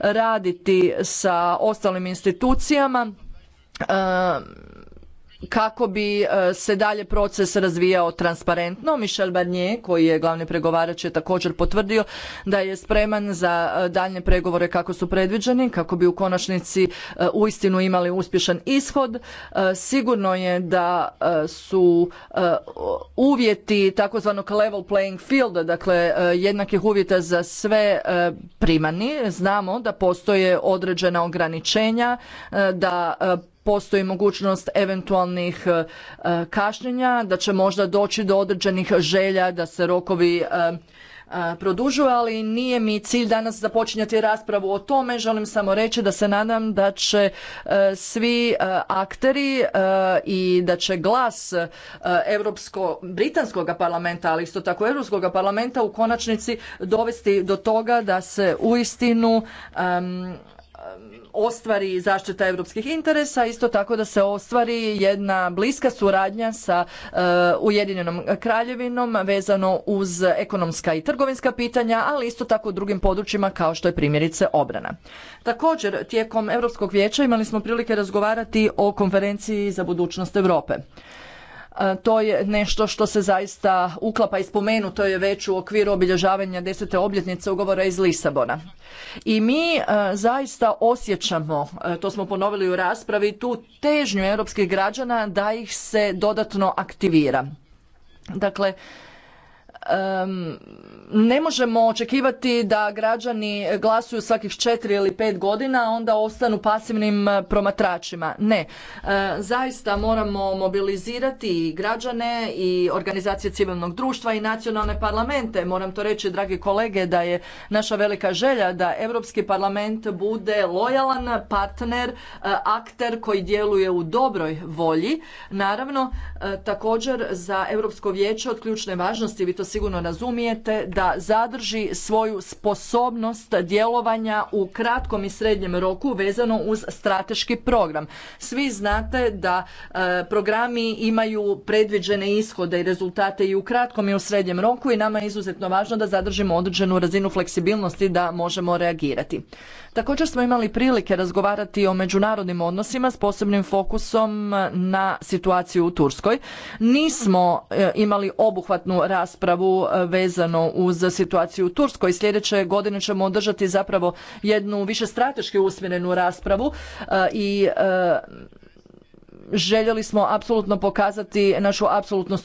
raditi sa ostalim institucijama e, kako bi e, se dalje proces razvijao transparentno. Michel Barnier, koji je glavni pregovarač, je također potvrdio da je spreman za e, daljnje pregovore kako su predviđeni, kako bi u konačnici e, uistinu imali uspješan ishod. Sigurno je da su uvjeti takozvanog level playing field, dakle jednakih uvjeta za sve primani. Znamo da postoje određena ograničenja, da postoji mogućnost eventualnih e, kašnjenja, da će možda doći do određenih želja da se rokovi e, e, produžuju, ali nije mi cilj danas započinjati raspravu o tome. Želim samo reći da se nadam da će svi akteri i da će glas Europsko, Britanskog parlamenta, ali isto tako Europskog parlamenta u konačnici dovesti do toga da se uistinu ostvari zaštita europskih interesa, isto tako da se ostvari jedna bliska suradnja sa eh, Ujedinjenom kraljevinom vezano uz ekonomska i trgovinska pitanja, ali isto tako u drugim područjima kao što je primjerice obrana. Također, tijekom Europskog vijeća imali smo prilike razgovarati o konferenciji za budućnost Europe. E, to je nešto što se zaista uklapa i spomenuto je već u okviru obilježavanja desete obljetnice ugovora iz Lisabona. I mi e, zaista osjećamo, e, to smo ponovili u raspravi, tu težnju europskih građana da ih se dodatno aktivira. Dakle, Um, ne možemo očekivati da građani glasuju svakih četiri ili pet godina, a onda ostanu pasivnim e, promatračima. Ne. E, zaista moramo mobilizirati i građane i organizacije civilnog društva i nacionalne parlamente. Moram to reći, dragi kolege, da je naša velika želja da Europski parlament bude lojalan partner, e, akter koji djeluje u dobroj volji. Naravno, također za Europsko vijeće od ključne važnosti, vi to sigurno razumijete, da zadrži svoju sposobnost djelovanja u kratkom i srednjem roku vezano uz strateški program. Svi znate da e, programi imaju predviđene ishode i rezultate i u kratkom i u srednjem roku i nama je izuzetno važno da zadržimo određenu razinu fleksibilnosti da možemo reagirati. Također smo imali prilike razgovarati o međunarodnim odnosima s posebnim fokusom na situaciju u Turskoj. Nismo e, imali obuhvatnu raspravu e, vezano uz situaciju u Turskoj. Sljedeće godine ćemo održati zapravo jednu više strateški usmjerenu raspravu e, i željeli smo apsolutno pokazati našu apsolutnu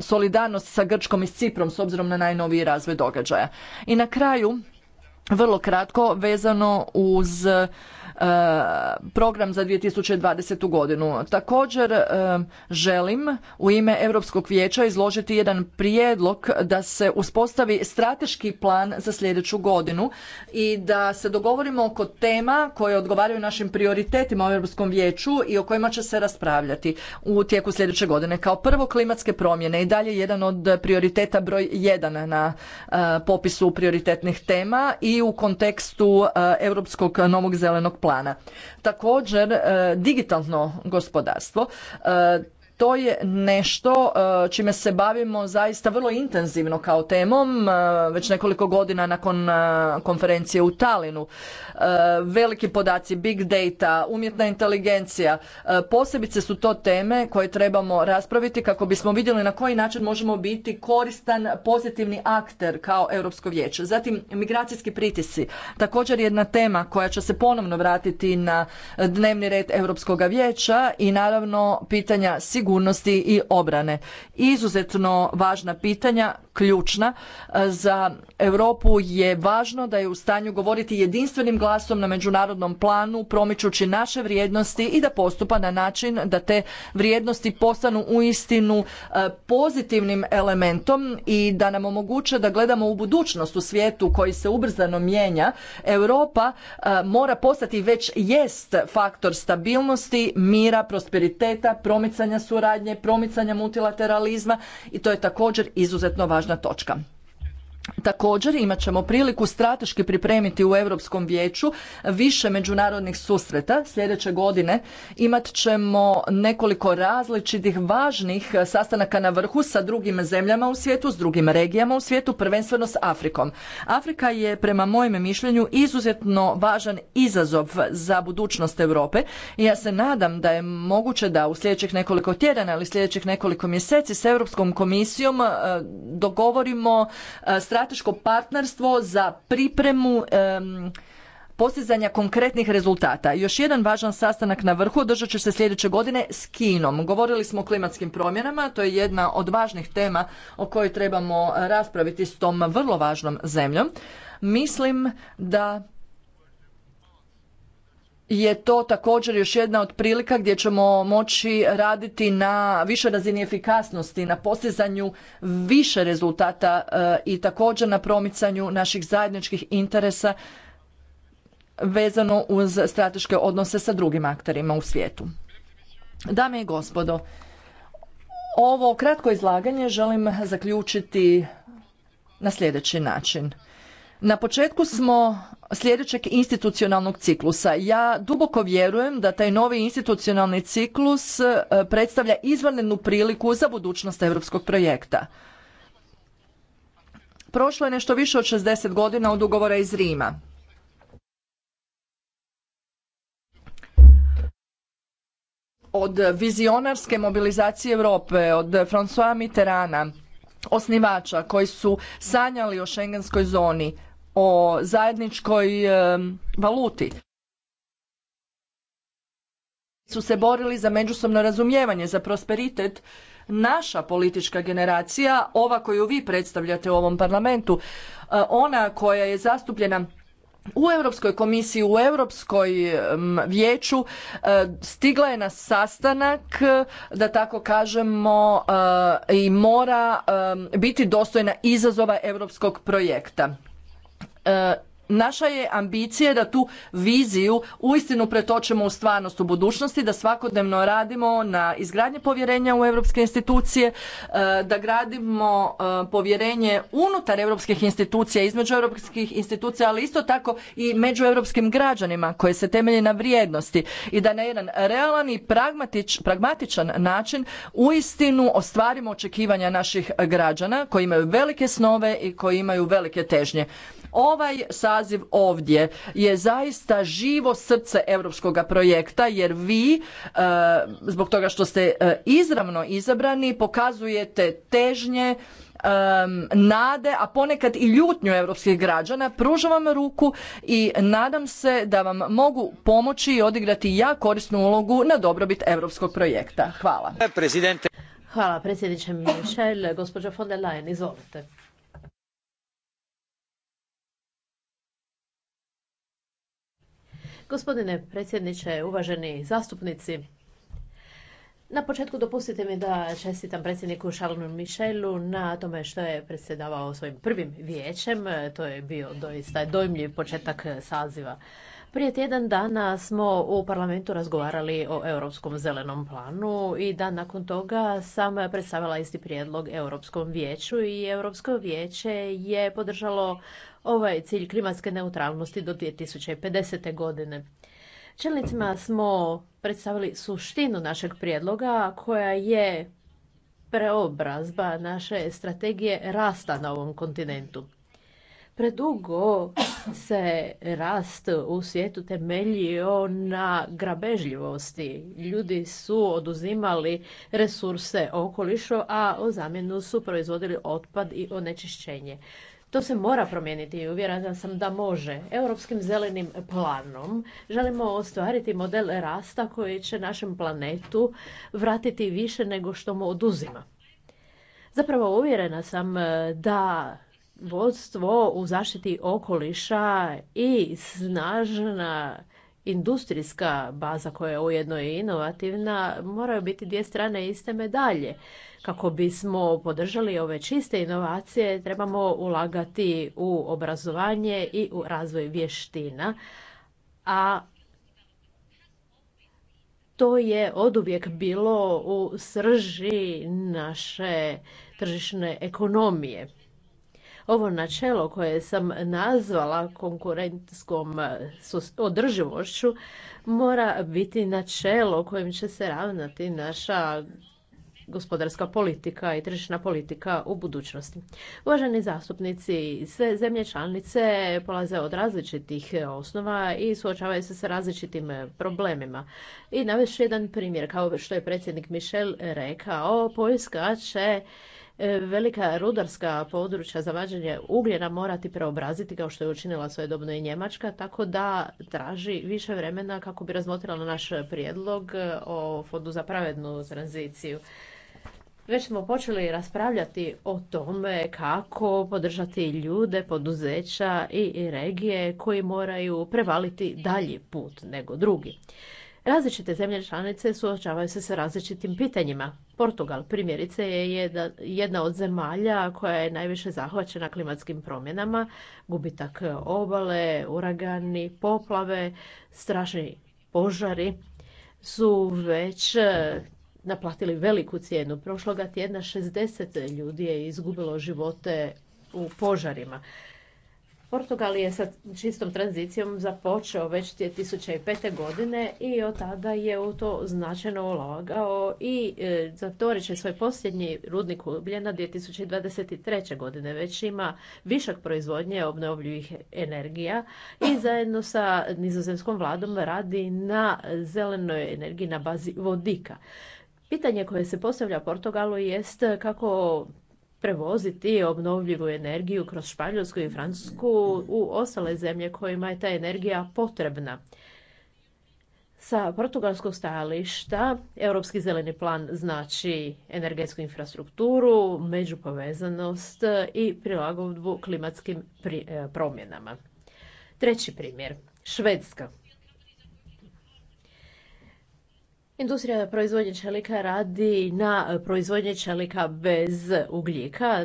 solidarnost sa Grčkom i s Ciprom s obzirom na najnoviji razvoj događaja. I na kraju vrlo kratko vezano uz program za 2020. godinu. Također e, želim u ime Europskog vijeća izložiti jedan prijedlog da se uspostavi strateški plan za sljedeću godinu i da se dogovorimo oko tema koje odgovaraju našim prioritetima u Europskom vijeću i o kojima će se raspravljati u tijeku sljedeće godine. Kao prvo klimatske promjene i dalje jedan od prioriteta broj jedan na e, popisu prioritetnih tema i u kontekstu e, Europskog novog zelenog plana. Također, e, digitalno gospodarstvo e, to je nešto e, čime se bavimo zaista vrlo intenzivno kao temom, e, već nekoliko godina nakon e, konferencije u Talinu. Veliki podaci, big data, umjetna inteligencija, posebice su to teme koje trebamo raspraviti kako bismo vidjeli na koji način možemo biti koristan pozitivni akter kao Europsko vijeće. Zatim, migracijski pritisi, Također jedna tema koja će se ponovno vratiti na dnevni red Europskog vijeća i naravno pitanja sigurnosti sigurnosti i obrane. Izuzetno važna pitanja, ključna. Za Europu je važno da je u stanju govoriti jedinstvenim glasom na međunarodnom planu, promičući naše vrijednosti i da postupa na način da te vrijednosti postanu uistinu e, pozitivnim elementom i da nam omoguće da gledamo u budućnost u svijetu koji se ubrzano mijenja. Europa e, mora postati već jest faktor stabilnosti, mira, prosperiteta, promicanja su suradnje, promicanja multilateralizma i to je također izuzetno važna točka. Također imat ćemo priliku strateški pripremiti u Europskom vijeću više međunarodnih susreta. Sljedeće godine imat ćemo nekoliko različitih važnih sastanaka na vrhu sa drugim zemljama u svijetu, s drugim regijama u svijetu, prvenstveno s Afrikom. Afrika je prema mojem mišljenju izuzetno važan izazov za budućnost Europe i ja se nadam da je moguće da u sljedećih nekoliko tjedana ili sljedećih nekoliko mjeseci s Europskom komisijom eh, dogovorimo eh, strateško partnerstvo za pripremu postizanja konkretnih rezultata. Još jedan važan sastanak na vrhu održat će se sljedeće godine s Kinom. Govorili smo o klimatskim promjenama, to je jedna od važnih tema o kojoj trebamo raspraviti s tom vrlo važnom zemljom. Mislim da je to također još jedna od prilika gdje ćemo moći raditi na više razini efikasnosti, na postizanju više rezultata eh, i također na promicanju naših zajedničkih interesa vezano uz strateške odnose sa drugim akterima u svijetu. Dame i gospodo, ovo kratko izlaganje želim zaključiti na sljedeći način. Na početku smo sljedećeg institucionalnog ciklusa. Ja duboko vjerujem da taj novi institucionalni ciklus e, predstavlja izvanrednu priliku za budućnost europskog projekta. Prošlo je nešto više od 60 godina od ugovora iz Rima. Od vizionarske mobilizacije Europe, od François Mitterana, osnivača koji su sanjali o šengenskoj zoni, o zajedničkoj valuti su se borili za međusobno razumijevanje, za prosperitet, naša politička generacija, ova koju vi predstavljate u ovom parlamentu, e, ona koja je zastupljena u Europskoj komisiji, u Europskoj vijeću e, stigla je na sastanak, da tako kažemo, e, i mora biti dostojna izazova europskog projekta. E, naša je ambicija da tu viziju uistinu pretočemo u stvarnost u budućnosti, da svakodnevno radimo na izgradnje povjerenja u europske institucije, e, da gradimo e, povjerenje unutar europskih institucija, između europskih institucija, ali isto tako i među europskim građanima koje se temelje na vrijednosti i da na jedan realan i pragmatičan način uistinu ostvarimo očekivanja naših građana koji imaju velike snove i koji imaju velike težnje. Ovaj saziv ovdje je zaista živo srce europskog projekta jer vi e, zbog toga što ste e, izravno izabrani pokazujete težnje e, nade, a ponekad i ljutnju europskih građana. Pružam vam ruku i nadam se da vam mogu pomoći i odigrati ja korisnu ulogu na dobrobit europskog projekta. Hvala. Hvala predsjedniče Mišel, Gospođa von der Leyen, izvolite. Gospodine predsjedniče, uvaženi zastupnici, na početku dopustite mi da čestitam predsjedniku Charlesu Michelu na tome što je predsjedavao svojim prvim vijećem. To je bio doista dojmljiv početak saziva. Prije tjedan dana smo u parlamentu razgovarali o Europskom zelenom planu i dan nakon toga sam predstavila isti prijedlog Europskom vijeću i Europsko vijeće je podržalo ovaj cilj klimatske neutralnosti do 2050. godine. Čelnicima smo predstavili suštinu našeg prijedloga koja je preobrazba naše strategije rasta na ovom kontinentu. Predugo se rast u svijetu temeljio na grabežljivosti. Ljudi su oduzimali resurse okolišu, a o zamjenu su proizvodili otpad i onečišćenje. To se mora promijeniti i uvjerena sam da može. Europskim zelenim planom želimo ostvariti model rasta koji će našem planetu vratiti više nego što mu oduzima. Zapravo uvjerena sam e, da vodstvo u zaštiti okoliša i snažna industrijska baza koja je ujedno i inovativna moraju biti dvije strane iste medalje. Kako bismo podržali ove čiste inovacije trebamo ulagati u obrazovanje i u razvoj vještina, a to je oduvijek bilo u srži naše tržišne ekonomije. Ovo načelo koje sam nazvala konkurentskom održivošću mora biti načelo kojim će se ravnati naša gospodarska politika i tržišna politika u budućnosti. Uvaženi zastupnici, sve zemlje članice polaze od različitih osnova i suočavaju se sa različitim problemima. I naveš jedan primjer, kao što je predsjednik Michel rekao, Poljska će E, velika rudarska područja za vađenje ugljena morati preobraziti kao što je učinila svojedobno i Njemačka, tako da traži više vremena kako bi razmotrila naš prijedlog e, o Fondu za pravednu tranziciju. Već smo počeli raspravljati o tome kako podržati ljude, poduzeća i regije koji moraju prevaliti dalji put nego drugi. Različite zemlje članice suočavaju se sa različitim pitanjima. Portugal primjerice je jedna od zemalja koja je najviše zahvaćena klimatskim promjenama, gubitak e, obale, uragani, poplave, strašni požari su već e, naplatili veliku cijenu. Prošloga tjedna 60 ljudi je izgubilo živote u požarima. Portugal je sa čistom tranzicijom započeo već 2005. godine i od tada je u to značajno ulagao i e, zatvorit će svoj posljednji rudnik ugljena 2023. godine. Već ima višak proizvodnje obnovljivih energija i zajedno sa nizozemskom vladom radi na zelenoj energiji na bazi vodika. Pitanje koje se postavlja Portugalu jest kako prevoziti obnovljivu energiju kroz Španjolsku i Francusku u ostale zemlje kojima je ta energija potrebna. Sa portugalskog stajališta, Europski zeleni plan znači energetsku infrastrukturu, međupovezanost i prilagodbu klimatskim e, promjenama. Treći primjer, Švedska. Industrija proizvodnje čelika radi na e, proizvodnje čelika bez ugljika.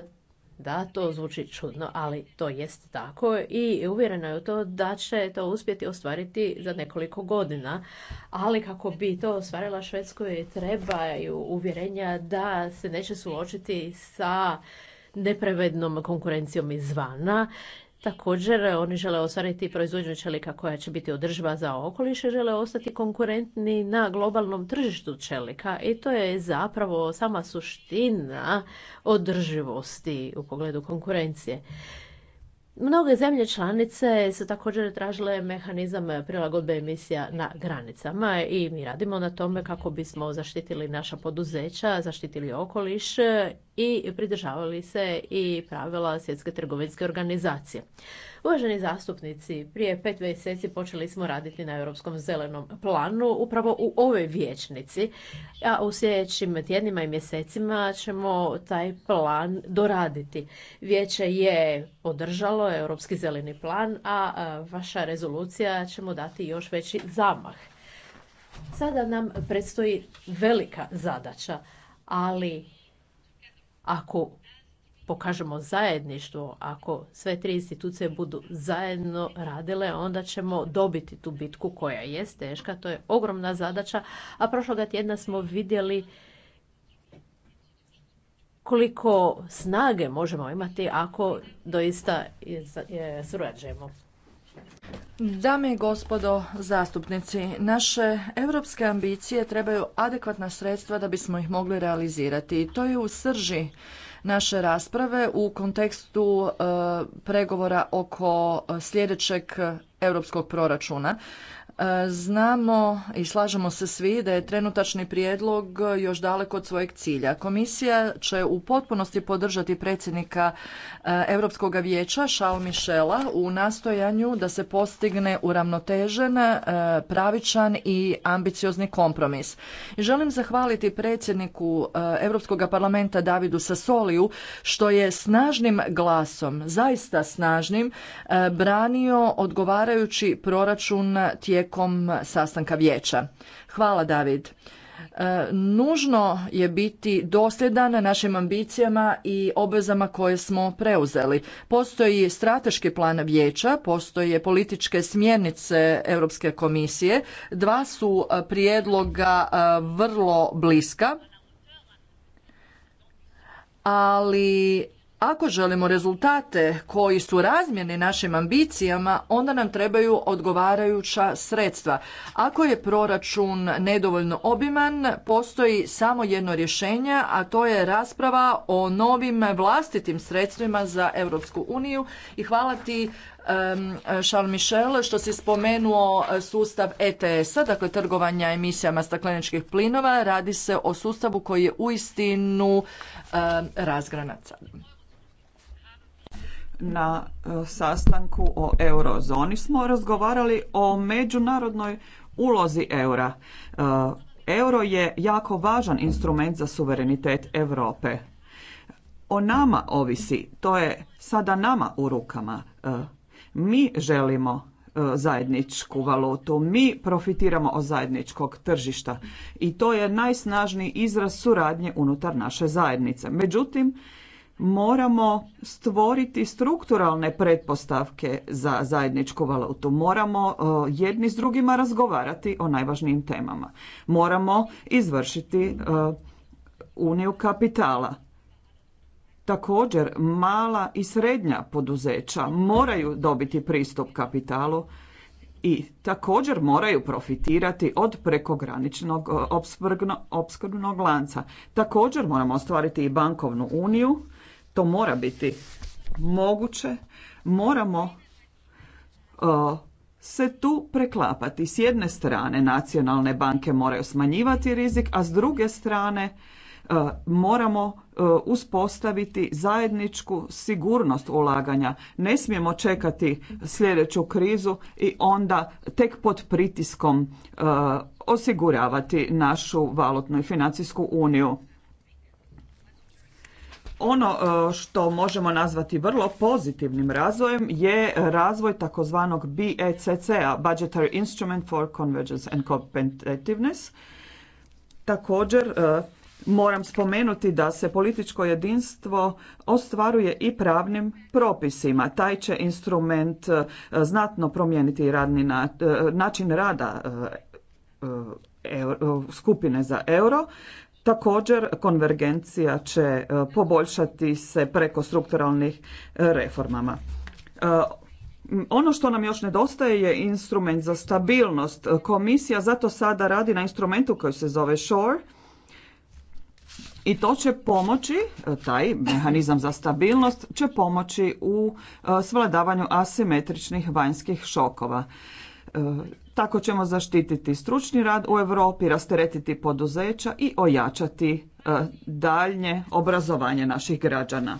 Da, to zvuči čudno, ali to jest tako i uvjereno je u to da će to uspjeti ostvariti za nekoliko godina. Ali kako bi to ostvarila Švedskoj trebaju uvjerenja da se neće suočiti sa neprevednom konkurencijom izvana Također, eh, oni žele ostvariti proizvodnju čelika koja će biti održiva za okoliš i žele ostati konkurentni na globalnom tržištu čelika i to je zapravo sama suština održivosti u pogledu konkurencije. Mnoge zemlje članice su također tražile mehanizam prilagodbe emisija na granicama i mi radimo na tome kako bismo zaštitili naša poduzeća, zaštitili okoliš i pridržavali se i pravila Svjetske trgovinske organizacije. Uvaženi zastupnici, prije pet mjeseci počeli smo raditi na Europskom zelenom planu upravo u ovoj vječnici, a u sljedećim tjednima i mjesecima ćemo taj plan doraditi. Vijeće je podržalo Europski zeleni plan, a vaša rezolucija ćemo dati još veći zamah. Sada nam predstoji velika zadaća, ali ako pokažemo zajedništvo, ako sve tri institucije budu zajedno radile, onda ćemo dobiti tu bitku koja jest teška, to je ogromna zadaća, a prošloga tjedna smo vidjeli koliko snage možemo imati ako doista surađujemo. Dame i gospodo zastupnici, naše europske ambicije trebaju adekvatna sredstva da bismo ih mogli realizirati i to je u srži naše rasprave u kontekstu e, pregovora oko e, sljedećeg europskog proračuna. E, znamo i slažemo se svi da je trenutačni prijedlog još daleko od svojeg cilja. Komisija će u potpunosti podržati predsjednika e, Europskog vijeća Šao Michela u nastojanju da se postigne uravnotežen, e, pravičan i ambiciozni kompromis. Želim zahvaliti predsjedniku Europskog parlamenta Davidu Sasoliju što je snažnim glasom, zaista snažnim, branio odgovarajući proračun tijekom tijekom sastanka vijeća. Hvala David. E, nužno je biti dosljedan našim ambicijama i obvezama koje smo preuzeli. Postoji strateški plan vijeća, postoje političke smjernice Europske komisije, dva su e, prijedloga e, vrlo bliska, ali ako želimo rezultate koji su razmjeni našim ambicijama, onda nam trebaju odgovarajuća sredstva. Ako je proračun nedovoljno obiman, postoji samo jedno rješenje, a to je rasprava o novim vlastitim sredstvima za Europsku uniju. I hvala ti Charles Michel što si spomenuo sustav ETS-a, dakle trgovanja emisijama stakleničkih plinova, radi se o sustavu koji je uistinu razgranat na e, sastanku o eurozoni smo razgovarali o međunarodnoj ulozi eura. E, euro je jako važan instrument za suverenitet Europe. O nama ovisi, to je sada nama u rukama. E, mi želimo zajedničku valutu. Mi profitiramo od zajedničkog tržišta i to je najsnažniji izraz suradnje unutar naše zajednice. Međutim, moramo stvoriti strukturalne pretpostavke za zajedničku valutu. Moramo e, jedni s drugima razgovarati o najvažnijim temama. Moramo izvršiti e, uniju kapitala. Također, mala i srednja poduzeća moraju dobiti pristup kapitalu i također moraju profitirati od prekograničnog e, opskrbnog lanca. Također moramo ostvariti i bankovnu uniju to mora biti moguće, moramo e, se tu preklapati. S jedne strane nacionalne banke moraju smanjivati rizik, a s druge strane e, moramo e, uspostaviti zajedničku sigurnost ulaganja. Ne smijemo čekati sljedeću krizu i onda tek pod pritiskom osiguravati našu valutnu i financijsku uniju. Ono e, što možemo nazvati vrlo pozitivnim razvojem je razvoj takozvanog BECC-a, Budgetary Instrument for Convergence and Competitiveness. Također, e, moram spomenuti da se političko jedinstvo ostvaruje i pravnim propisima. Taj će instrument e, znatno promijeniti radni način rada skupine za euro Također, konvergencija će e, poboljšati se preko strukturalnih e, reformama. E, ono što nam još nedostaje je instrument za stabilnost. Komisija zato sada radi na instrumentu koji se zove SHORE i to će pomoći, taj mehanizam za stabilnost će pomoći u svladavanju asimetričnih vanjskih šokova. Tako ćemo zaštititi stručni rad u Europi, rasteretiti poduzeća i ojačati e, daljnje obrazovanje naših građana.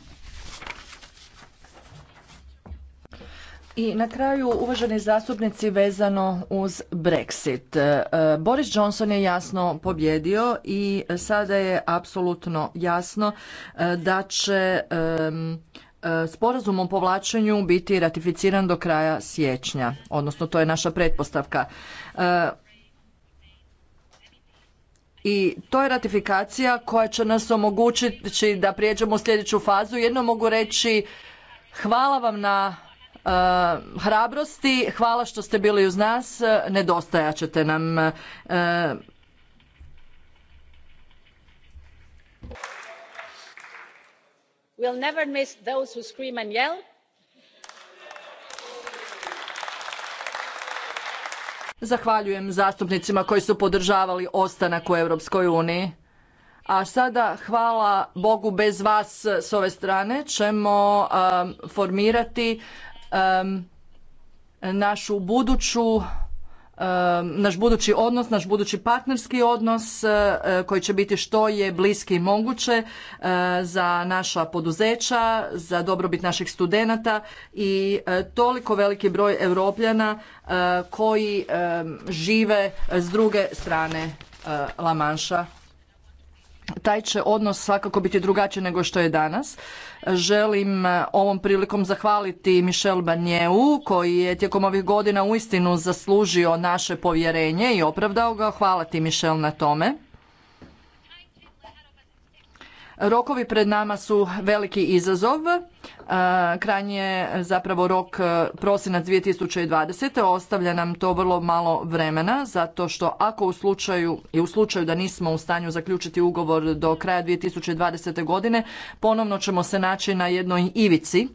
I na kraju, uvaženi zastupnici, vezano uz Brexit. E, Boris Johnson je jasno pobjedio i sada je apsolutno jasno e, da će sporazum o povlačenju biti ratificiran do kraja siječnja, odnosno to je naša pretpostavka. E, I to je ratifikacija koja će nas omogućiti da prijeđemo u sljedeću fazu. Jedno mogu reći hvala vam na e, hrabrosti, hvala što ste bili uz nas, e, nedostajat ćete nam. will never miss those who scream and yell zahvaljujem zastupnicima koji su podržavali ostanak u europskoj uniji a sada hvala bogu bez vas s ove strane ćemo um, formirati um, našu buduću Um, naš budući odnos, naš budući partnerski odnos uh, uh, koji će biti što je bliski i moguće uh, za naša poduzeća, za dobrobit naših studenata i toliko veliki broj europljana koji um, žive s druge strane Lamanša taj će odnos svakako biti drugačiji nego što je danas. Želim e, ovom prilikom zahvaliti Michel Banjeu koji je tijekom ovih godina uistinu zaslužio naše povjerenje i opravdao ga. Hvala ti Michel na tome. Rokovi pred nama su veliki izazov. E, krajnji je zapravo rok e, prosinac 2020. Ostavlja nam to vrlo malo vremena, zato što ako u slučaju i u slučaju da nismo u stanju zaključiti ugovor do kraja 2020. godine, ponovno ćemo se naći na jednoj ivici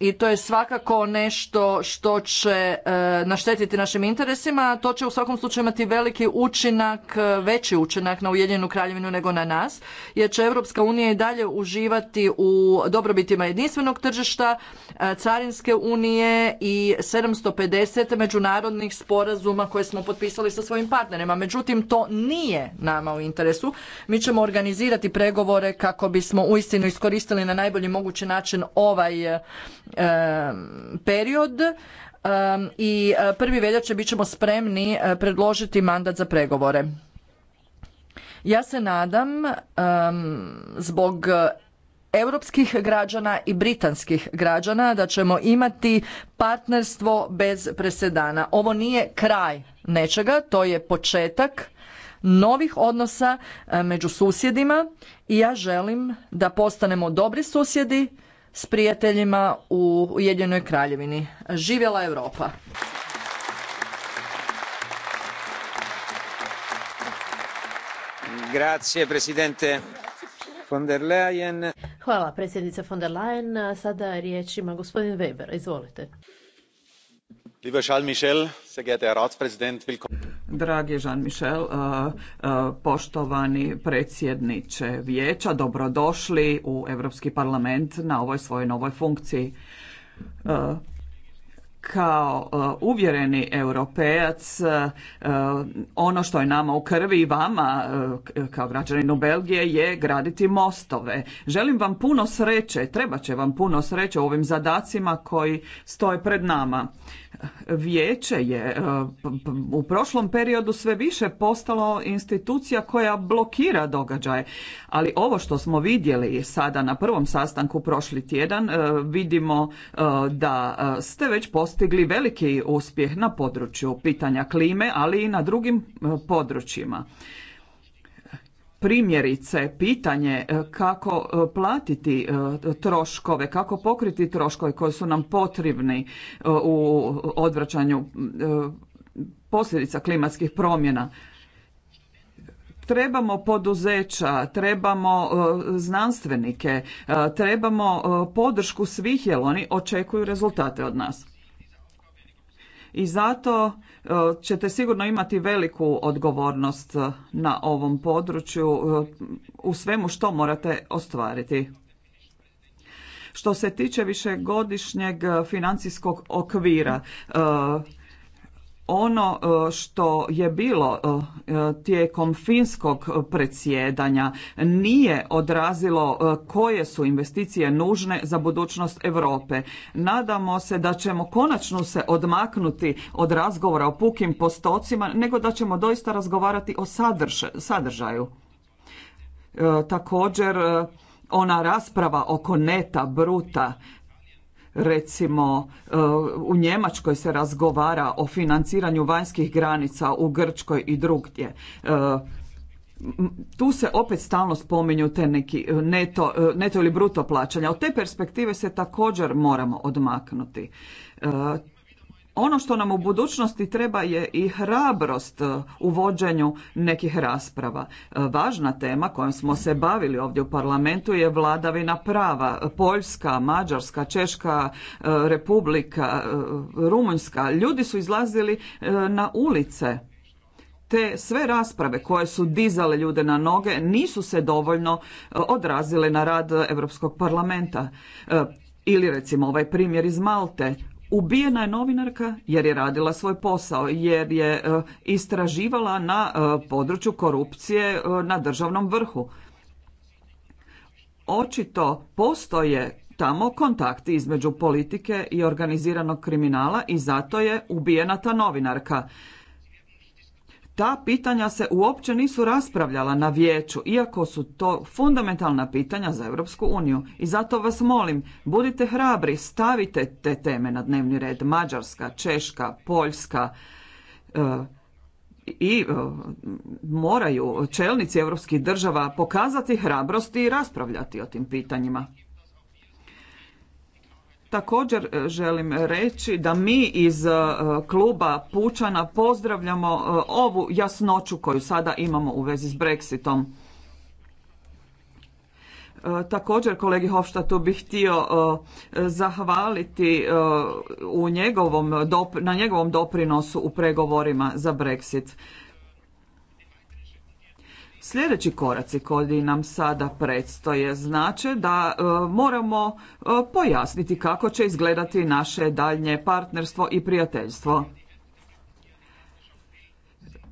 i to je svakako nešto što će e, naštetiti našim interesima, to će u svakom slučaju imati veliki učinak, e, veći učinak na Ujedinjenu kraljevinu nego na nas, jer će Europska unija i dalje uživati u dobrobitima jedinstvenog tržišta, e, carinske unije i 750 međunarodnih sporazuma koje smo potpisali sa svojim partnerima. Međutim, to nije nama u interesu. Mi ćemo organizirati pregovore kako bismo uistinu iskoristili na najbolji mogući način ovaj E, e, period e, i prvi veljače bit ćemo spremni predložiti mandat za pregovore. Ja se nadam zbog europskih građana i britanskih građana da ćemo imati partnerstvo bez presedana. Ovo nije kraj nečega, to je početak novih odnosa među susjedima i ja želim da postanemo dobri susjedi s prijateljima u Ujedinjenoj kraljevini. Živjela Europa! Grazie, presidente von der Leyen. Hvala, predsjednice von der Leyen. Sada riječ ima gospodin Weber. Izvolite. Lieber Charles Michel, sehr geehrter Ratspräsident, willkommen. Dragi Jean-Michel, e, e, poštovani predsjedniče vijeća, dobrodošli u Europski parlament na ovoj svojoj novoj funkciji. E, kao uvjereni europejac, ono što je nama u krvi i vama kao građaninu Belgije je graditi mostove. Želim vam puno sreće, treba će vam puno sreće u ovim zadacima koji stoje pred nama. Vijeće je e, u prošlom periodu sve više postalo institucija koja blokira događaje, ali ovo što smo vidjeli sada na prvom sastanku prošli tjedan, e, vidimo e, da ste već postigli veliki uspjeh na području pitanja klime, ali i na drugim područjima primjerice pitanje e, kako e, platiti e, troškove, kako pokriti troškove koji su nam potrebni u odvraćanju posljedica klimatskih promjena. Trebamo poduzeća, trebamo znanstvenike, trebamo podršku svih jer oni očekuju rezultate od nas. I zato e, ćete sigurno imati veliku odgovornost e, na ovom području e, u svemu što morate ostvariti. Što se tiče višegodišnjeg financijskog okvira, ono e, što je bilo e, tijekom finskog predsjedanja nije odrazilo e, koje su investicije nužne za budućnost Europe. Nadamo se da ćemo konačno se odmaknuti od razgovora o pukim postocima, nego da ćemo doista razgovarati o sadržaju. Također, ona rasprava oko neta, bruta, recimo e, u Njemačkoj se razgovara o financiranju vanjskih granica u Grčkoj i drugdje e, tu se opet stalno spominju te neki e, neto, neto ili bruto plaćanja. Od te perspektive se također moramo odmaknuti. Ono što nam u budućnosti treba je i hrabrost u vođenju nekih rasprava. Važna tema kojom smo se bavili ovdje u parlamentu je vladavina prava. Poljska, Mađarska, Češka, e, Republika, e, Rumunjska. Ljudi su izlazili e, na ulice te sve rasprave koje su dizale ljude na noge nisu se dovoljno odrazile na rad Europskog parlamenta. Ili recimo ovaj primjer iz Malte. Ubijena je novinarka jer je radila svoj posao, jer je e, istraživala na e, području korupcije e, na državnom vrhu. Očito postoje tamo kontakti između politike i organiziranog kriminala i zato je ubijena ta novinarka ta pitanja se uopće nisu raspravljala na vijeću, iako su to fundamentalna pitanja za Europsku uniju. I zato vas molim, budite hrabri, stavite te teme na dnevni red. Mađarska, Češka, Poljska e, i e, moraju čelnici europskih država pokazati hrabrost i raspravljati o tim pitanjima. Također e, želim reći da mi iz e, kluba Pučana pozdravljamo e, ovu jasnoću koju sada imamo u vezi s Brexitom. Također kolegi Hofštatu bih htio zahvaliti u njegovom, na njegovom doprinosu u pregovorima za Brexit. Sljedeći koraci koji nam sada predstoje znači da e, moramo e, pojasniti kako će izgledati naše daljnje partnerstvo i prijateljstvo.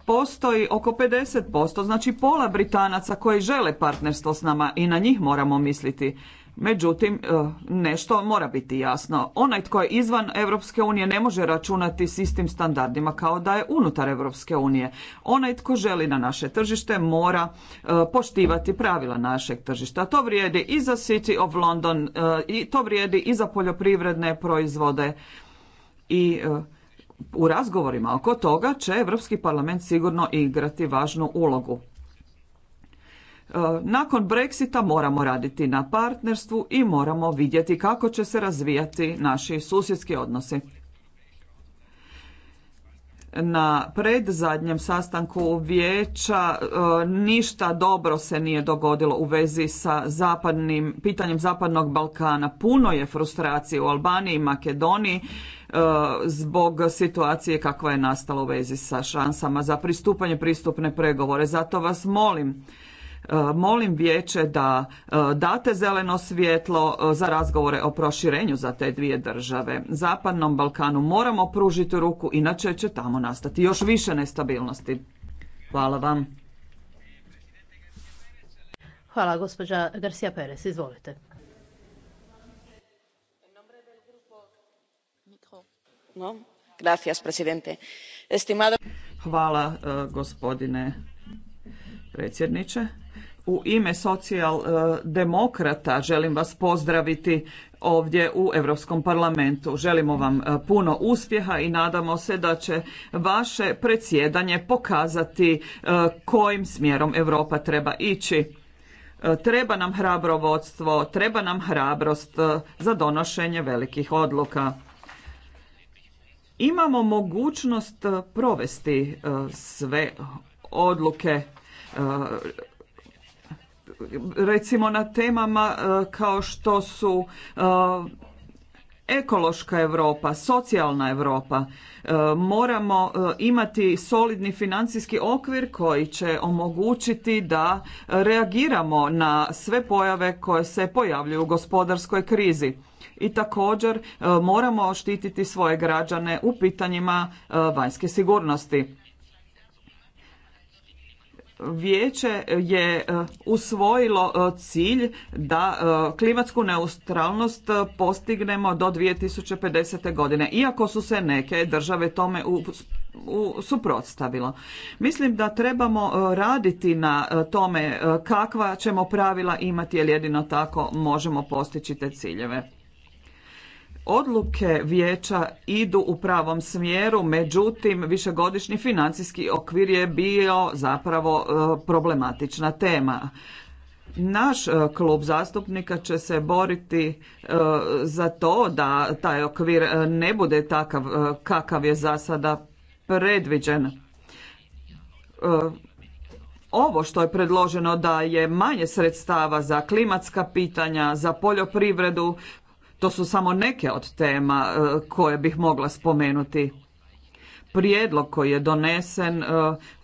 Postoji oko 50%, znači pola Britanaca koji žele partnerstvo s nama i na njih moramo misliti. Međutim, e, nešto mora biti jasno. Onaj tko je izvan Europske unije ne može računati s istim standardima kao da je unutar Europske unije. Onaj tko želi na naše tržište mora e, poštivati pravila našeg tržišta. To vrijedi i za City of London, e, i to vrijedi i za poljoprivredne proizvode i u razgovorima oko toga će Europski parlament sigurno igrati važnu ulogu. E, nakon Brexita moramo raditi na partnerstvu i moramo vidjeti kako će se razvijati naši susjedski odnosi. Na predzadnjem sastanku vijeća e, ništa dobro se nije dogodilo u vezi sa zapadnim, pitanjem Zapadnog Balkana. Puno je frustracije u Albaniji i Makedoniji e, zbog situacije kakva je nastala u vezi sa šansama za pristupanje pristupne pregovore. Zato vas molim Molim vijeće da e, date zeleno svjetlo e, za razgovore o proširenju za te dvije države. Zapadnom Balkanu moramo pružiti ruku, inače će tamo nastati još više nestabilnosti. Hvala vam. Hvala, gospođa Garcia Perez, izvolite. Hvala, e, gospodine predsjedniče u ime socijaldemokrata e, želim vas pozdraviti ovdje u Europskom parlamentu. Želimo vam e, puno uspjeha i nadamo se da će vaše predsjedanje pokazati e, kojim smjerom Europa treba ići. Treba nam hrabro vodstvo, treba nam hrabrost za donošenje velikih odluka. Imamo mogućnost provesti sve odluke recimo na temama e, kao što su e, ekološka Europa, socijalna Europa. E, moramo imati solidni financijski okvir koji će omogućiti da reagiramo na sve pojave koje se pojavljuju u gospodarskoj krizi. I također moramo štititi svoje građane u pitanjima vanjske sigurnosti. Vijeće je e, usvojilo e, cilj da e, klimatsku neutralnost postignemo do 2050. godine, iako su se neke države tome suprotstavile suprotstavilo. Mislim da trebamo raditi na tome kakva ćemo pravila imati, jer jedino tako možemo postići te ciljeve. Odluke vijeća idu u pravom smjeru, međutim višegodišnji financijski okvir je bio zapravo e, problematična tema. Naš e, klub zastupnika će se boriti e, za to da taj okvir ne bude takav kakav je za sada predviđen ovo što je predloženo da je manje sredstava za klimatska pitanja, za poljoprivredu, to su samo neke od tema e, koje bih mogla spomenuti. Prijedlog koji je donesen e,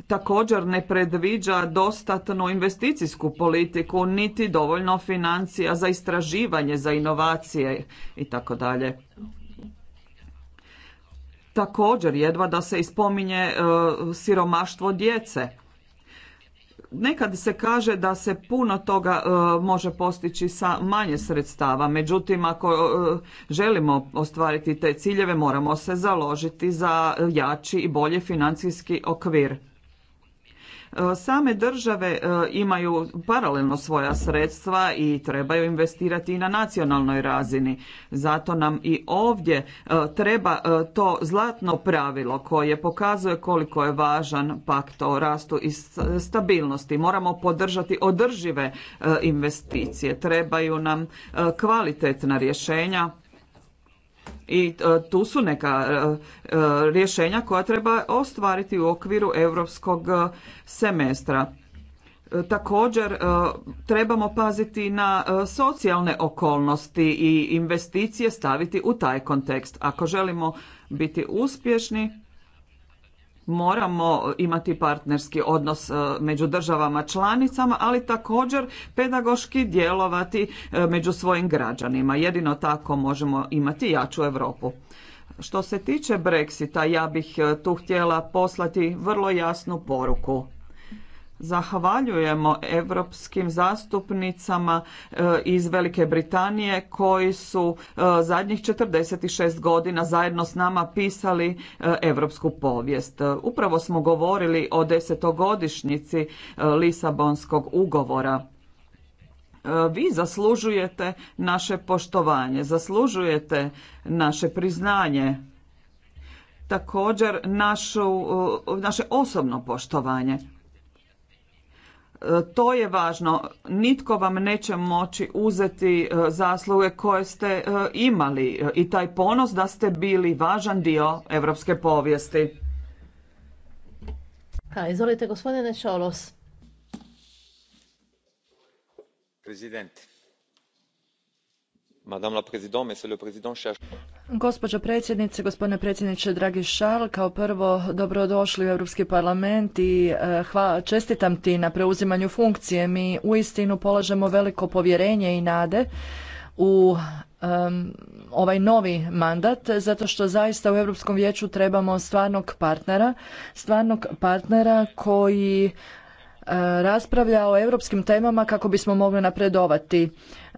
također ne predviđa dostatnu investicijsku politiku niti dovoljno financija za istraživanje, za inovacije i tako dalje. Također jedva da se ispominje e, siromaštvo djece Nekad se kaže da se puno toga e, može postići sa manje sredstava, međutim ako e, želimo ostvariti te ciljeve moramo se založiti za jači i bolje financijski okvir. E, same države e, imaju paralelno svoja sredstva i trebaju investirati i na nacionalnoj razini. Zato nam i ovdje e, treba to zlatno pravilo koje pokazuje koliko je važan pakt o rastu i stabilnosti. Moramo podržati održive investicije. Trebaju nam kvalitetna rješenja i e, tu su neka e, e, rješenja koja treba ostvariti u okviru europskog semestra. Također trebamo paziti na socijalne okolnosti i investicije staviti u taj kontekst. Ako želimo biti uspješni, moramo imati partnerski odnos e, među državama članicama, ali također pedagoški djelovati e, među svojim građanima. Jedino tako možemo imati jaču Europu. Što se tiče Brexita, ja bih e, tu htjela poslati vrlo jasnu poruku. Zahvaljujemo europskim zastupnicama e, iz Velike Britanije koji su e, zadnjih 46 godina zajedno s nama pisali europsku povijest. E, upravo smo govorili o desetogodišnjici Lisabonskog ugovora vi zaslužujete naše poštovanje, zaslužujete naše priznanje, također našu, naše osobno poštovanje. To je važno. Nitko vam neće moći uzeti e, zasluge koje ste e, imali e, i taj ponos da ste bili važan dio europske povijesti. Ha, izvolite gospodine Čolos. Presidente. Madame la Présidente, Monsieur le Président, Gospođo predsjednice, gospodine predsjedniče, dragi Šarl, kao prvo dobrodošli u Europski parlament i eh, čestitam ti na preuzimanju funkcije. Mi istinu polažemo veliko povjerenje i nade u ovaj novi mandat zato što zaista u Europskom vijeću trebamo stvarnog partnera, stvarnog partnera koji eh, raspravlja o europskim temama kako bismo mogli napredovati.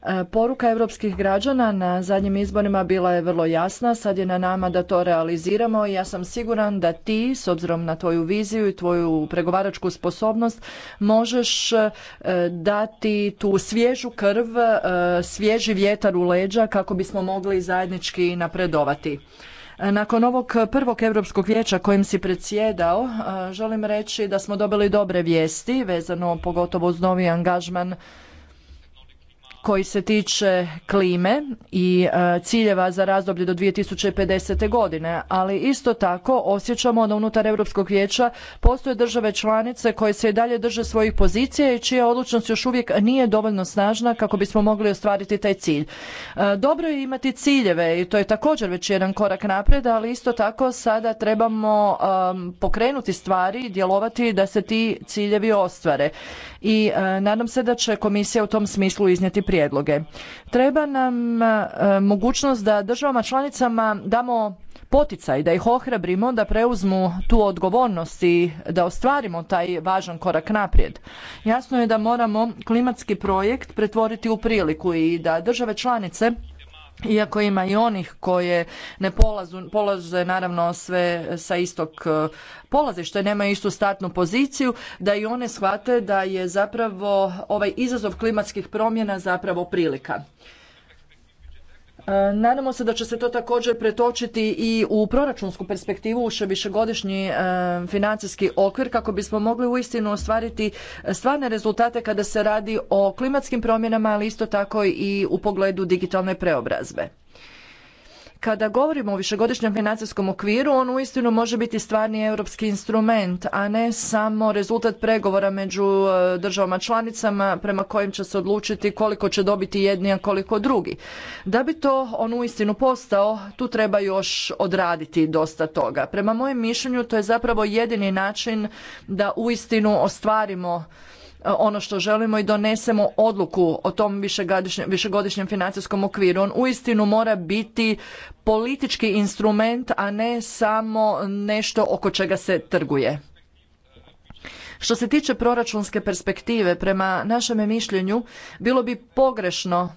E, poruka europskih građana na zadnjim izborima bila je vrlo jasna, sad je na nama da to realiziramo i ja sam siguran da ti, s obzirom na tvoju viziju i tvoju pregovaračku sposobnost, možeš e, dati tu svježu krv, e, svježi vjetar u leđa kako bismo mogli zajednički napredovati. Nakon ovog prvog Europskog vijeća kojim si predsjedao, želim reći da smo dobili dobre vijesti vezano pogotovo uz novi angažman koji se tiče klime i e, ciljeva za razdoblje do 2050. godine, ali isto tako osjećamo da unutar Europskog vijeća postoje države članice koje se i dalje drže svojih pozicija i čija odlučnost još uvijek nije dovoljno snažna kako bismo mogli ostvariti taj cilj. E, dobro je imati ciljeve i to je također već jedan korak naprijed, ali isto tako sada trebamo pokrenuti stvari i djelovati da se ti ciljevi ostvare. I e, nadam se da će komisija u tom smislu iznijeti prijedloge. Treba nam e, mogućnost da državama članicama damo poticaj, da ih ohrabrimo da preuzmu tu odgovornost i da ostvarimo taj važan korak naprijed. Jasno je da moramo klimatski projekt pretvoriti u priliku i da države članice iako ima i onih koje ne polaze naravno sve sa istog e, polazišta i nemaju istu statnu poziciju, da i one shvate da je zapravo ovaj izazov klimatskih promjena zapravo prilika. E, nadamo se da će se to također pretočiti i u proračunsku perspektivu, u višegodišnji e, financijski okvir kako bismo mogli uistinu ostvariti e, stvarne rezultate kada se radi o klimatskim promjenama, ali isto tako i u pogledu digitalne preobrazbe. Kada govorimo o višegodišnjem financijskom okviru, on uistinu može biti stvarni europski instrument, a ne samo rezultat pregovora među e, državama članicama prema kojim će se odlučiti koliko će dobiti jedni, a koliko drugi. Da bi to on uistinu postao, tu treba još odraditi dosta toga. Prema mojem mišljenju to je zapravo jedini način da uistinu ostvarimo E, ono što želimo i donesemo odluku o tom višegodišnjem financijskom okviru. On uistinu mora biti politički instrument, a ne samo nešto oko čega se trguje. Što se tiče proračunske perspektive, prema našem mišljenju, bilo bi pogrešno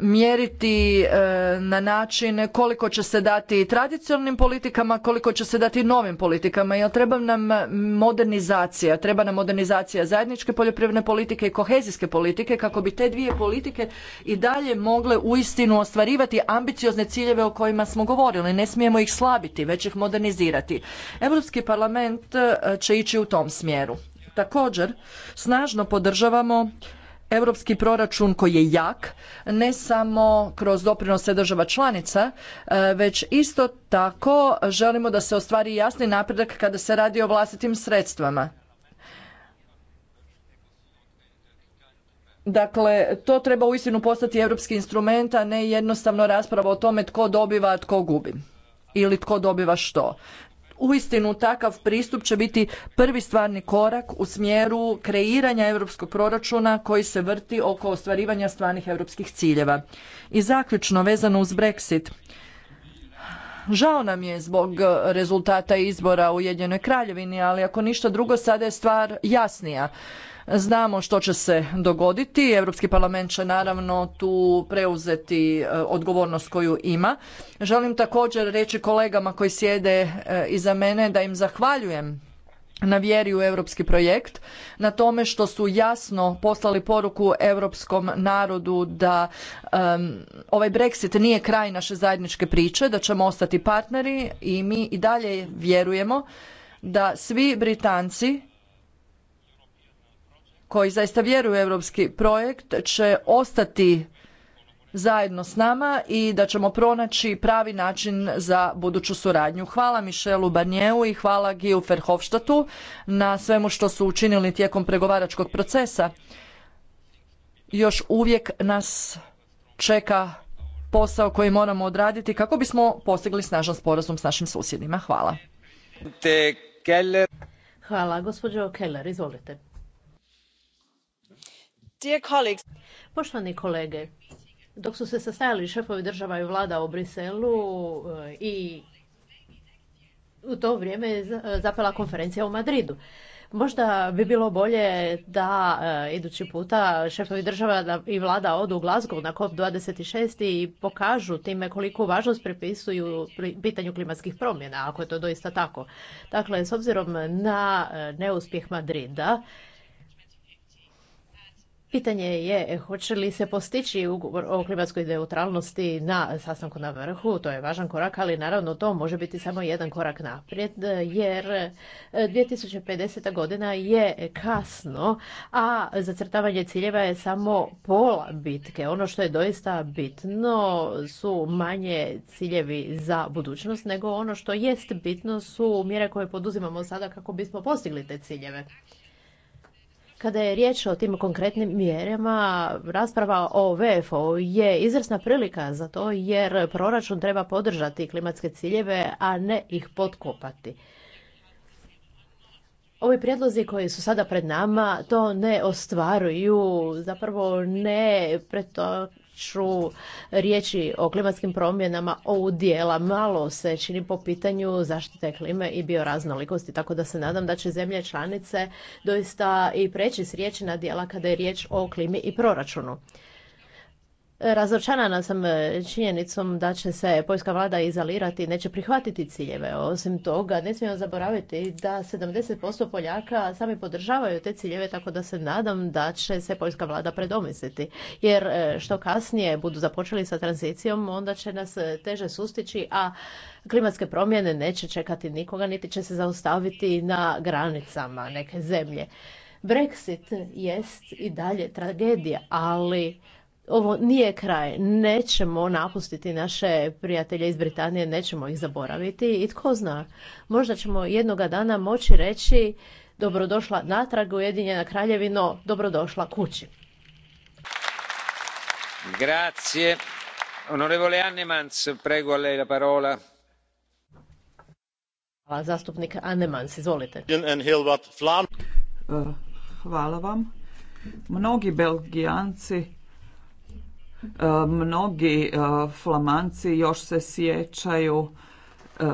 mjeriti e, na način koliko će se dati tradicionalnim politikama, koliko će se dati novim politikama. Jer treba nam modernizacija, treba nam modernizacija zajedničke poljoprivredne politike i kohezijske politike kako bi te dvije politike i dalje mogle uistinu ostvarivati ambiciozne ciljeve o kojima smo govorili. Ne smijemo ih slabiti, već ih modernizirati. Europski parlament e, će ići u tom smjeru. Također, snažno podržavamo europski proračun koji je jak ne samo kroz doprinose država članica e, već isto tako želimo da se ostvari jasni napredak kada se radi o vlastitim sredstvima Dakle, to treba uistinu postati europski instrument, a ne jednostavno rasprava o tome tko dobiva, a tko gubi ili tko dobiva što. Uistinu takav pristup će biti prvi stvarni korak u smjeru kreiranja europskog proračuna koji se vrti oko ostvarivanja stvarnih europskih ciljeva. I zaključno vezano uz Brexit. Žao nam je zbog rezultata izbora u Ujedinjenoj Kraljevini, ali ako ništa drugo sada je stvar jasnija. Znamo što će se dogoditi. Europski parlament će naravno tu preuzeti e, odgovornost koju ima. Želim također reći kolegama koji sjede e, iza mene da im zahvaljujem na vjeri u europski projekt, na tome što su jasno poslali poruku europskom narodu da ovaj Brexit nije kraj naše zajedničke priče, da ćemo ostati partneri i mi i dalje vjerujemo da svi Britanci koji zaista vjeruje u europski projekt će ostati zajedno s nama i da ćemo pronaći pravi način za buduću suradnju. Hvala Mišelu Barnjeu i hvala Giju Ferhofštatu na svemu što su učinili tijekom pregovaračkog procesa. Još uvijek nas čeka posao koji moramo odraditi kako bismo postigli snažan sporazum s našim susjedima. Hvala. Hvala. Gospođo Keller, izvolite. Poštovani kolege, dok su se sastajali šefovi država i vlada u Briselu eh, i u to vrijeme je eh, zapela konferencija u Madridu. Možda bi bilo bolje da eh, idući puta šefovi država i vlada odu u Glasgow na COP26 i pokažu time koliko važnost prepisuju pitanju klimatskih promjena, ako je to doista tako. Dakle, s obzirom na neuspjeh Madrida, Pitanje je hoće li se postići ugovor o klimatskoj neutralnosti na sastanku na vrhu, to je važan korak, ali naravno to može biti samo jedan korak naprijed, jer 2050. godina je kasno, a zacrtavanje ciljeva je samo pola bitke. Ono što je doista bitno su manje ciljevi za budućnost, nego ono što jest bitno su mjere koje poduzimamo sada kako bismo postigli te ciljeve. Kada je riječ o tim konkretnim mjerama, rasprava o VFO je izvrsna prilika za to jer proračun treba podržati klimatske ciljeve, a ne ih potkopati. Ovi prijedlozi koji su sada pred nama to ne ostvaruju, zapravo ne ću riječi o klimatskim promjenama ovu dijela malo se čini po pitanju zaštite klime i bioraznolikosti, tako da se nadam da će zemlje članice doista i preći s riječi na dijela kada je riječ o klimi i proračunu. Razočarana sam e, činjenicom da će se poljska vlada izolirati i neće prihvatiti ciljeve. Osim toga, ne smijemo zaboraviti da 70% Poljaka sami podržavaju te ciljeve, tako da se nadam da će se poljska vlada predomisliti. Jer e, što kasnije budu započeli sa tranzicijom, onda će nas e, teže sustići, a klimatske promjene neće čekati nikoga, niti će se zaustaviti na granicama neke zemlje. Brexit jest i dalje tragedija, ali ovo nije kraj. Nećemo napustiti naše prijatelje iz Britanije, nećemo ih zaboraviti i tko zna, možda ćemo jednoga dana moći reći dobrodošla natrag Ujedinjena kraljevino, dobrodošla kući. Grazie. Onorevole Annemans, prego lei la parola. Hvala, zastupnik Annemans, izvolite. Eh, hvala vam. Mnogi belgijanci Mnogi e, flamanci još se sjećaju e,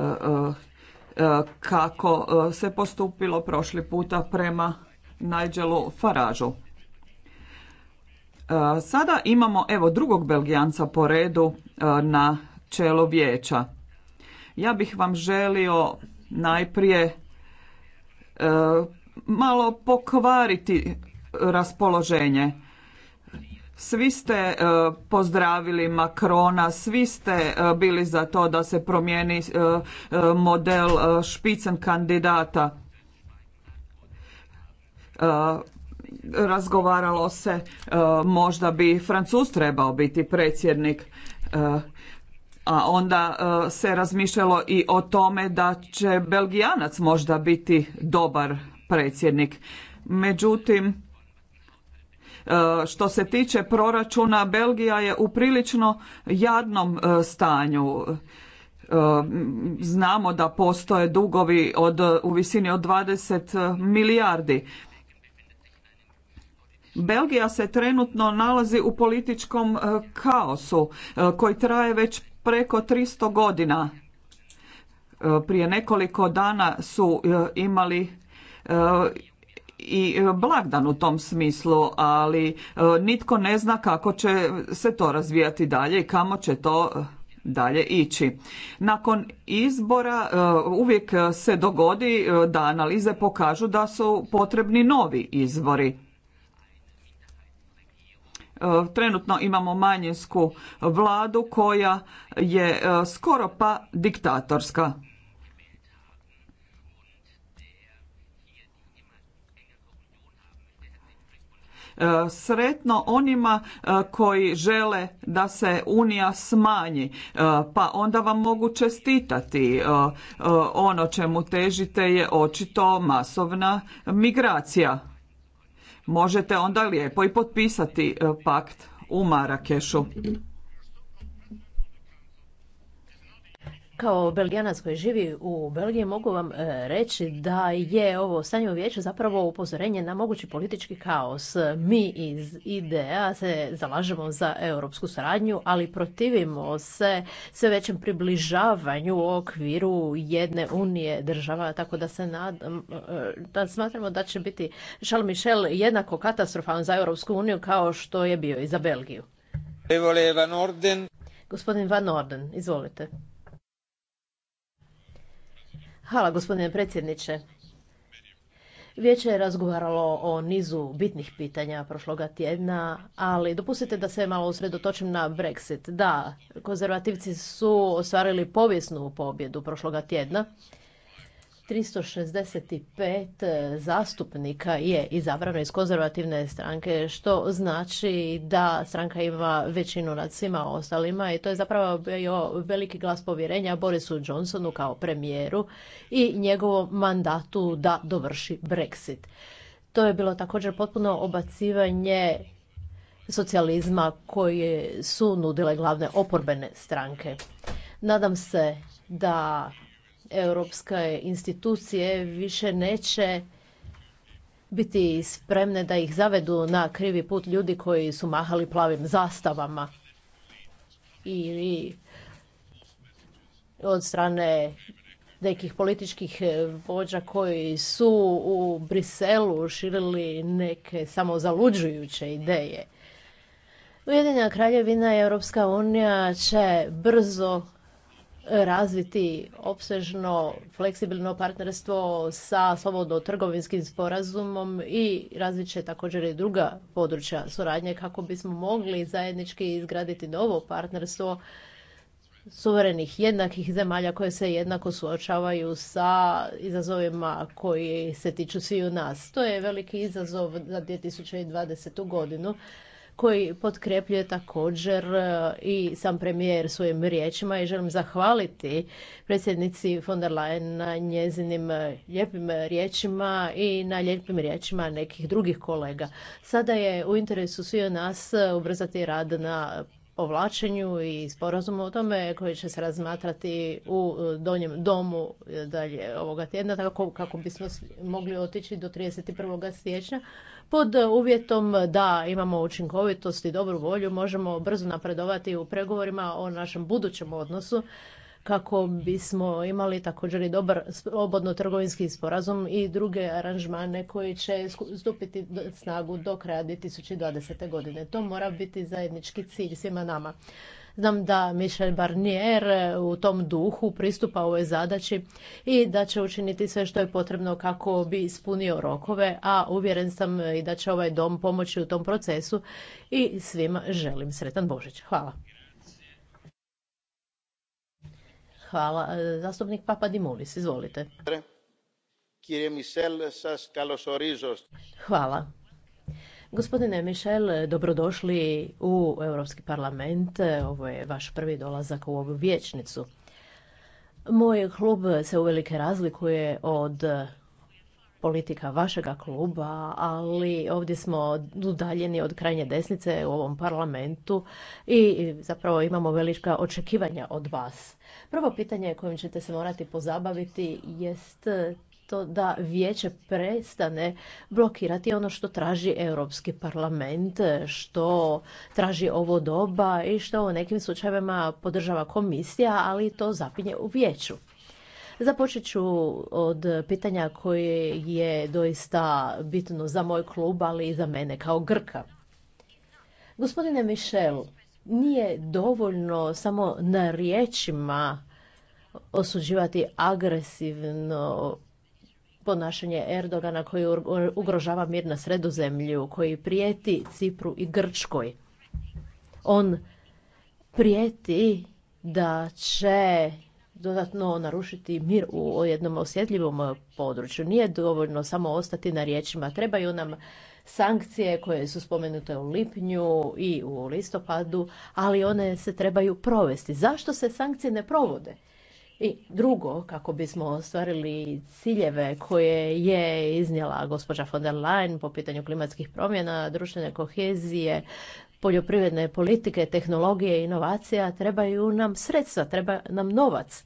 e, kako se postupilo prošli puta prema Nigelu Faražu. Sada imamo evo drugog Belgijanca po redu na čelo vijeća. Ja bih vam želio najprije malo pokvariti raspoloženje. Svi ste e, pozdravili Makrona, svi ste e, bili za to da se promijeni e, model špicen kandidata. Razgovaralo se, možda bi Francus trebao biti predsjednik a onda se razmišljalo i o tome da će Belgijanac možda biti dobar predsjednik. Međutim, E, što se tiče proračuna, Belgija je u prilično jadnom e, stanju. E, znamo da postoje dugovi od, u visini od 20 milijardi. Belgija se trenutno nalazi u političkom kaosu koji traje već preko 300 godina. Prije nekoliko dana su imali i e, blagdan u tom smislu, ali e, nitko ne zna kako će se to razvijati dalje i kamo će to e, dalje ići. Nakon izbora uvijek se dogodi da analize pokažu da su potrebni novi izbori. Trenutno imamo manjinsku vladu koja je skoro pa diktatorska. E, sretno onima e, koji žele da se Unija smanji, e, pa onda vam mogu čestitati. Ono čemu težite je očito masovna migracija. Možete onda lijepo i potpisati pakt u Marakešu. Kao belgijanac koji živi u Belgiji mogu vam e, reći da je ovo stanje u vijeću zapravo upozorenje na mogući politički kaos. Mi iz IDEA se zalažemo za europsku suradnju, ali protivimo se sve većem približavanju u okviru jedne unije država, tako da se nadam, e, da smatramo da će biti Charles Michel jednako katastrofan za Europsku uniju kao što je bio i za Belgiju. Gospodin Van Orden, izvolite. Hvala gospodine predsjedniče. Vijeće je razgovaralo o nizu bitnih pitanja prošloga tjedna, ali dopustite da se malo usredotočim na Brexit. Da, konzervativci su ostvarili povijesnu pobjedu prošloga tjedna, 365 eh, zastupnika je izabrano iz konzervativne stranke, što znači da stranka ima većinu nad svima ostalima i to je zapravo bio veliki glas povjerenja Borisu Johnsonu kao premijeru i njegovom mandatu da dovrši Brexit. To je bilo također potpuno obacivanje socijalizma koje su nudile glavne oporbene stranke. Nadam se da europske institucije više neće biti spremne da ih zavedu na krivi put ljudi koji su mahali plavim zastavama i od strane nekih političkih vođa koji su u Briselu širili neke samozaluđujuće ideje. Ujedinjena kraljevina i Europska unija će brzo razviti opsežno, fleksibilno partnerstvo sa slobodno trgovinskim sporazumom i razvit će također i druga područja suradnje kako bismo mogli zajednički izgraditi novo partnerstvo suverenih jednakih zemalja koje se jednako suočavaju sa izazovima koji se tiču sviju nas. To je veliki izazov za 2020. godinu, koji potkrepljuje također e, i sam premijer svojim riječima i želim zahvaliti predsjednici von der Leyen na njezinim e, lijepim riječima i na lijepim riječima nekih drugih kolega. Sada je u interesu svih nas e, ubrzati rad na povlačenju i sporazumu o tome koji će se razmatrati u donjem domu dalje ovoga tjedna, tako kako bismo mogli otići do 31. siječnja pod uvjetom da imamo učinkovitost i dobru volju možemo brzo napredovati u pregovorima o našem budućem odnosu kako bismo imali također i dobar slobodno trgovinski sporazum i druge aranžmane koji će stupiti snagu do kraja 2020. godine. To mora biti zajednički cilj svima nama. Znam da Michel Barnier e, u tom duhu pristupa ovoj zadaći i da će učiniti sve što je potrebno kako bi ispunio rokove, a uvjeren sam e, i da će ovaj dom pomoći u tom procesu i svima želim sretan Božić. Hvala. Hvala. E, zastupnik Papadimulis, izvolite. Hvala. Gospodine Michel, dobrodošli u Europski parlament. Ovo je vaš prvi dolazak u ovu vječnicu. Moj klub se uvelike razlikuje od politika vašega kluba, ali ovdje smo udaljeni od krajnje desnice u ovom parlamentu i zapravo imamo velika očekivanja od vas. Prvo pitanje kojim ćete se morati pozabaviti jest to da vijeće prestane blokirati ono što traži Europski parlament, što traži ovo doba i što u nekim slučajevima podržava komisija, ali to zapinje u vijeću. Započet ću od pitanja koje je doista bitno za moj klub, ali i za mene kao Grka. Gospodine Michel, nije dovoljno samo na riječima osuđivati agresivno ponašanje Erdogana koji ugrožava mir na sredozemlju, koji prijeti Cipru i Grčkoj. On prijeti da će dodatno narušiti mir u jednom osjetljivom području. Nije dovoljno samo ostati na riječima. Trebaju nam sankcije koje su spomenute u lipnju i u listopadu, ali one se trebaju provesti. Zašto se sankcije ne provode? I drugo, kako bismo ostvarili ciljeve koje je iznijela gospođa von der Leyen po pitanju klimatskih promjena, društvene kohezije, poljoprivredne politike, tehnologije i inovacija, trebaju nam sredstva, treba nam novac.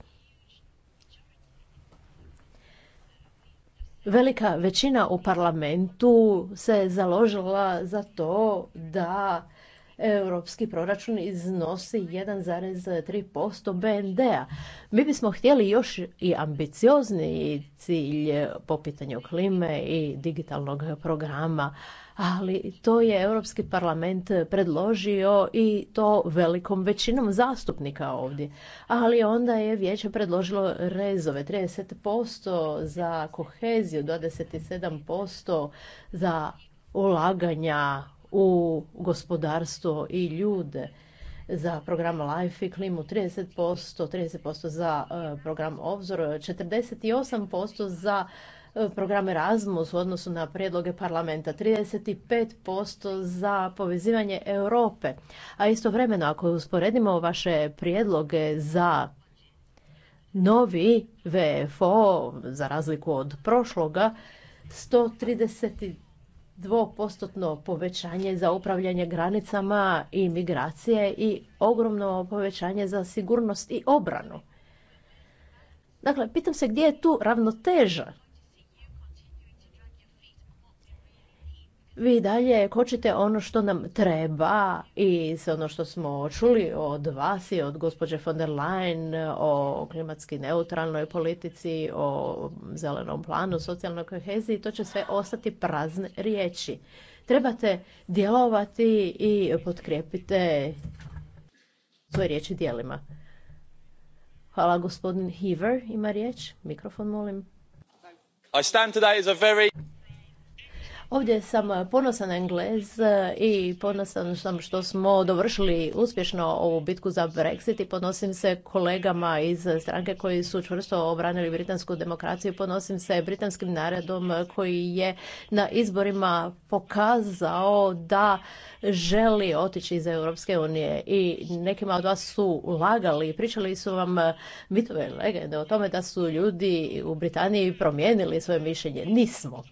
Velika većina u parlamentu se založila za to da europski proračun iznosi 1,3% BND-a. Mi bismo htjeli još i ambiciozniji cilj po pitanju klime i digitalnog programa, ali to je Europski parlament predložio i to velikom većinom zastupnika ovdje. Ali onda je vijeće predložilo rezove 30% za koheziju, 27% za ulaganja u gospodarstvo i ljude za program LIFE i klimu 30%, 30% za e, program Obzor, 48% za e, program Erasmus u odnosu na prijedloge parlamenta, 35% za povezivanje Europe. A istovremeno ako usporedimo vaše prijedloge za novi VFO, za razliku od prošloga, 133 dvopostotno povećanje za upravljanje granicama i migracije i ogromno povećanje za sigurnost i obranu. Dakle, pitam se gdje je tu ravnoteža vi dalje kočite ono što nam treba i ono što smo čuli od vas i od gospođe von der Leyen o klimatski neutralnoj politici, o zelenom planu, socijalnoj koheziji, to će sve ostati prazne riječi. Trebate djelovati i potkrijepite svoje riječi dijelima. Hvala gospodin Heaver, ima riječ. Mikrofon molim. I Ovdje sam ponosan Englez i ponosan sam što smo dovršili uspješno ovu bitku za Brexit i ponosim se kolegama iz stranke koji su čvrsto obranili britansku demokraciju. Ponosim se britanskim narodom koji je na izborima pokazao da želi otići iz Europske unije i nekima od vas su lagali i pričali su vam mitove legende o tome da su ljudi u Britaniji promijenili svoje mišljenje. Nismo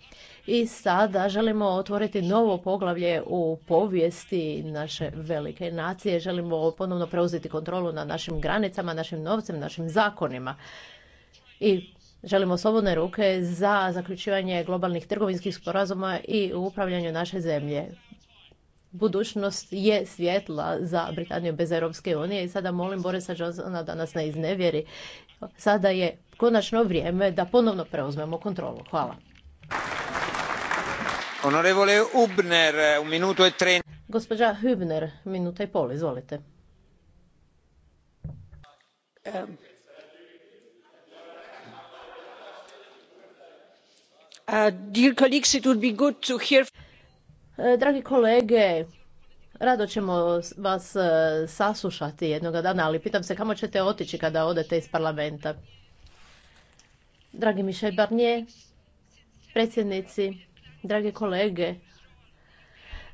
i sada želimo otvoriti novo poglavlje u povijesti naše velike nacije. Želimo ponovno preuzeti kontrolu na našim granicama, našim novcem, našim zakonima. I želimo slobodne ruke za zaključivanje globalnih trgovinskih sporazuma i upravljanju naše zemlje. Budućnost je svjetla za Britaniju bez Europske unije i sada molim Borisa Johnsona da nas ne iznevjeri. Sada je konačno vrijeme da ponovno preuzmemo kontrolu. Hvala. Onorevole Hubner, e Gospođa Hübner, minuta i pol, izvolite. Dragi kolege, rado ćemo vas eh, saslušati jednoga dana, ali pitam se kamo ćete otići kada odete iz parlamenta. Dragi Michel Barnier, predsjednici drage kolege.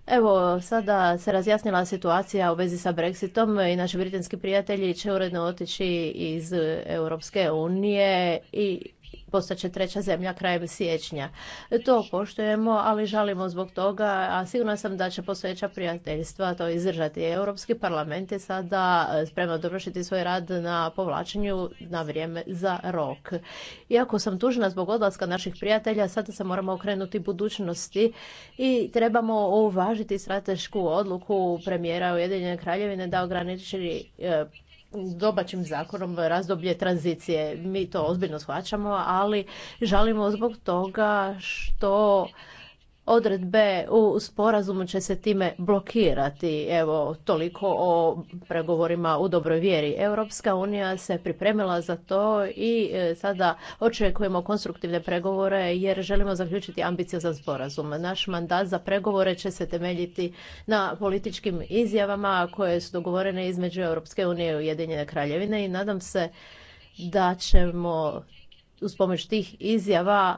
Evo, sada se razjasnila situacija u vezi sa Brexitom i naši britanski prijatelji će uredno otići iz Europske unije i će treća zemlja krajem siječnja. To poštujemo, ali žalimo zbog toga, a sigurna sam da će posveća prijateljstva to izdržati. Europski parlament je sada spreman dovršiti svoj rad na povlačenju na vrijeme za rok. Iako sam tužna zbog odlaska naših prijatelja, sada se moramo okrenuti budućnosti i trebamo uvažiti stratešku odluku premijera Ujedinjene kraljevine da ograniči e, dobačim zakonom razdoblje tranzicije. Mi to ozbiljno shvaćamo, ali žalimo zbog toga što odredbe u sporazumu će se time blokirati. Evo, toliko o pregovorima u dobroj vjeri. Europska unija se pripremila za to i e, sada očekujemo konstruktivne pregovore jer želimo zaključiti ambiciozan sporazum. Naš mandat za pregovore će se temeljiti na političkim izjavama koje su dogovorene između Europske unije i Ujedinjene kraljevine i nadam se da ćemo uz pomoć tih izjava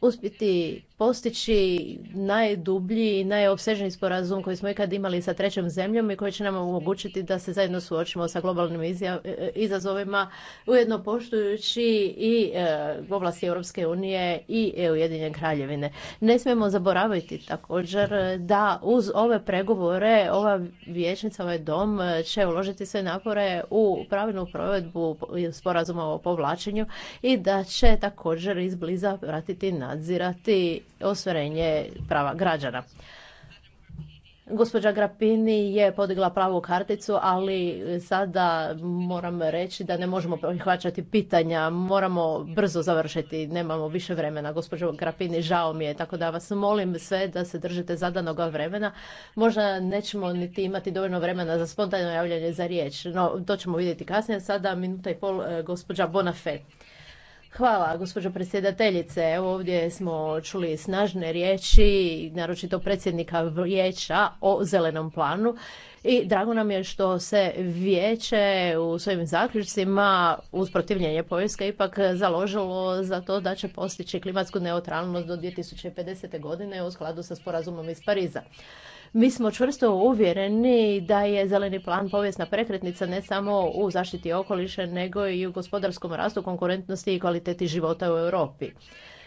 uspjeti postići najdublji i najopsežniji sporazum koji smo ikad imali sa trećom zemljom i koji će nam omogućiti da se zajedno suočimo sa globalnim e, e, izazovima, ujedno poštujući i e, ovlasti Europske unije i Ujedinjene kraljevine. Ne smijemo zaboraviti također da uz ove pregovore ova vijećnica, ovaj dom će uložiti sve napore u pravilnu provedbu sporazuma o povlačenju i da će također izbliza vratiti nadzirati ostvarenje prava građana. Gospođa Grapini je podigla pravu karticu, ali sada moram reći da ne možemo prihvaćati pitanja. Moramo brzo završiti, nemamo više vremena. Gospođo Grapini, žao mi je, tako da vas molim sve da se držite zadanoga vremena. Možda nećemo niti imati dovoljno vremena za spontano javljanje za riječ, no to ćemo vidjeti kasnije. Sada minuta i pol eh, gospođa Bonafé. Hvala, gospođo predsjedateljice. Evo ovdje smo čuli snažne riječi, naročito predsjednika vijeća o zelenom planu. I drago nam je što se vijeće u svojim zaključcima uz protivljenje Poljske ipak založilo za to da će postići klimatsku neutralnost do 2050. godine u skladu sa sporazumom iz Pariza. Mi smo čvrsto uvjereni da je zeleni plan povijesna prekretnica ne samo u zaštiti okoliša, nego i u gospodarskom rastu, konkurentnosti i kvaliteti života u Europi.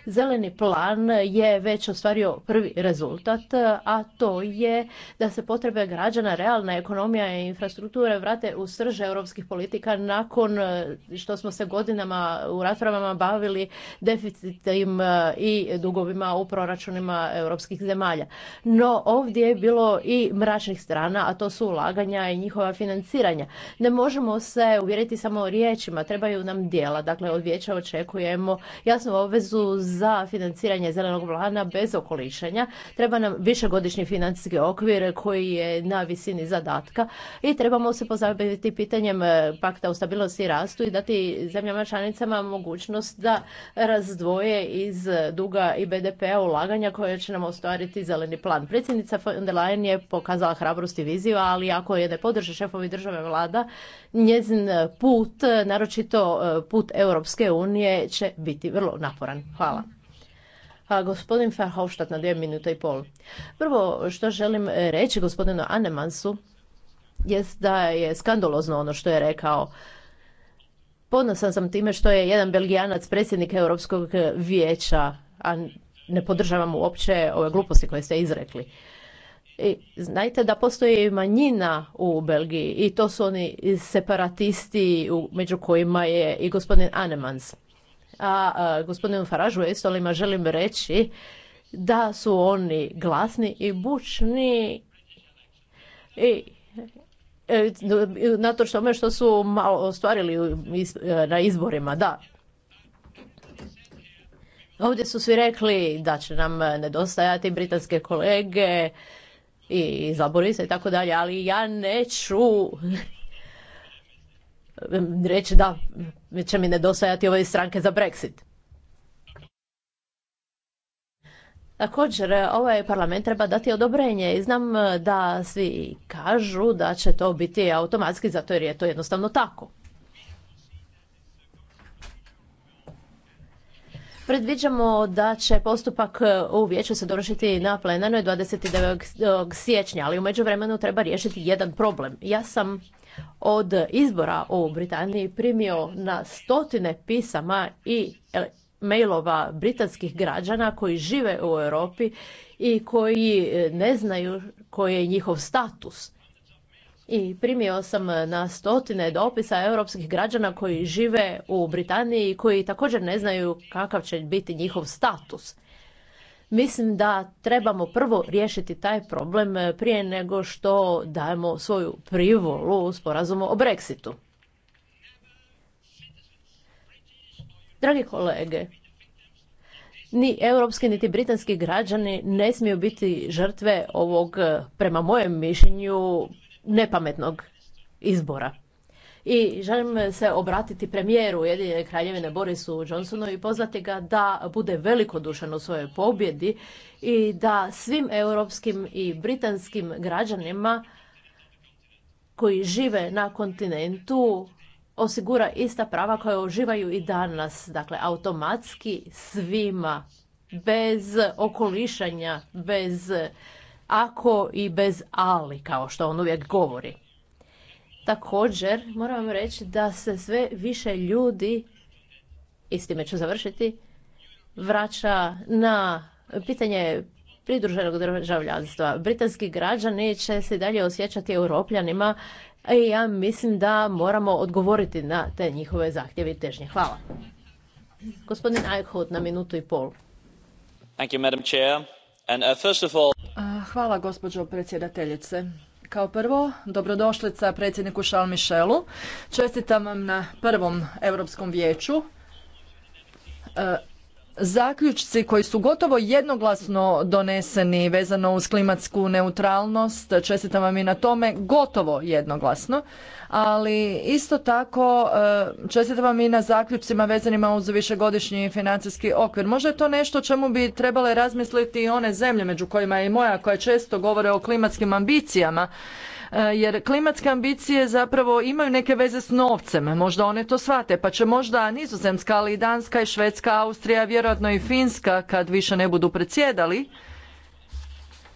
Zeleni plan je već ostvario prvi rezultat, a to je da se potrebe građana, realna ekonomija i infrastrukture vrate u srže europskih politika nakon e, što smo se godinama u raspravama bavili deficitim i dugovima u proračunima europskih zemalja. No ovdje je bilo i mračnih strana, a to su ulaganja i njihova financiranja. Ne možemo se uvjeriti samo riječima, trebaju nam dijela. Dakle, od vijeća očekujemo jasnu obvezu za financiranje zelenog plana bez okolišenja. Treba nam višegodišnji financijski okvir koji je na visini zadatka i trebamo se pozabaviti pitanjem e, pakta o stabilnosti i rastu i dati zemljama članicama mogućnost da razdvoje iz duga i BDP-a ulaganja koje će nam ostvariti zeleni plan. Predsjednica von der Leyen je pokazala hrabrost i viziju, ali ako je ne podrže šefovi države vlada, njezin put, naročito e, put Europske unije, će biti vrlo naporan. Hvala. A gospodin Verhofstadt na dvije minute i pol. Prvo što želim reći gospodinu Anemansu jest da je skandalozno ono što je rekao. Ponosan sam time što je jedan belgijanac predsjednik Europskog vijeća, a ne podržavam uopće ove gluposti koje ste izrekli. I znajte da postoji manjina u Belgiji i to su oni separatisti među kojima je i gospodin Anemans. A, gospodinu Faražu i želim reći da su oni glasni i bučni i e, na to što su malo ostvarili e, na izborima, da. Ovdje su svi rekli da će nam nedostajati britanske kolege i zaborisa i tako dalje, ali ja neću reći da će mi nedostajati ove stranke za Brexit. Također, ovaj parlament treba dati odobrenje i znam eh, da svi kažu da će to biti automatski, zato jer je to jednostavno tako. Predviđamo da će postupak e, u vijeću se dovršiti na plenarnoj 29. siječnja, ali u međuvremenu treba riješiti jedan problem. Ja sam od izbora u Britaniji primio na stotine pisama i e, mailova britanskih građana koji žive u Europi i koji e, ne znaju koji je njihov status i primio sam e, na stotine dopisa europskih građana koji žive u Britaniji i koji također ne znaju kakav će biti njihov status. Mislim da trebamo prvo riješiti taj problem e, prije nego što dajemo svoju privolu u sporazumu o Brexitu. Dragi kolege, ni europski niti britanski građani ne smiju biti žrtve ovog, e, prema mojem mišljenju, nepametnog izbora. I želim se obratiti premijeru Ujedinjene kraljevine Borisu Johnsonu i pozvati ga da bude velikodušan u svojoj pobjedi i da svim europskim i britanskim građanima koji žive na kontinentu osigura ista prava koja uživaju i danas, dakle automatski svima, bez okolišanja, bez ako i bez ali, kao što on uvijek govori. Također, moram vam reći da se sve više ljudi, i s time ću završiti, vraća na pitanje pridruženog državljanstva. Britanski građani će se dalje osjećati europljanima i ja mislim da moramo odgovoriti na te njihove zahtjeve i težnje. Hvala. Gospodin Eichhout na minutu i pol. Thank Madam Chair. And, uh, first of all... Hvala gospođo predsjedateljice. Kao prvo, dobrodošlica predsjedniku Charles Michelu. Čestitam vam na prvom Europskom vijeću. E, zaključci koji su gotovo jednoglasno doneseni vezano uz klimatsku neutralnost, čestitam vam i na tome, gotovo jednoglasno, ali isto tako e, čestitam vam i na zaključcima vezanima uz višegodišnji financijski okvir. Možda je to nešto čemu bi trebale razmisliti i one zemlje među kojima je i moja koja često govore o klimatskim ambicijama E, jer klimatske ambicije zapravo imaju neke veze s novcem, možda one to shvate, pa će možda Nizozemska, ali i Danska i Švedska, Austrija, vjerojatno i Finska kad više ne budu predsjedali,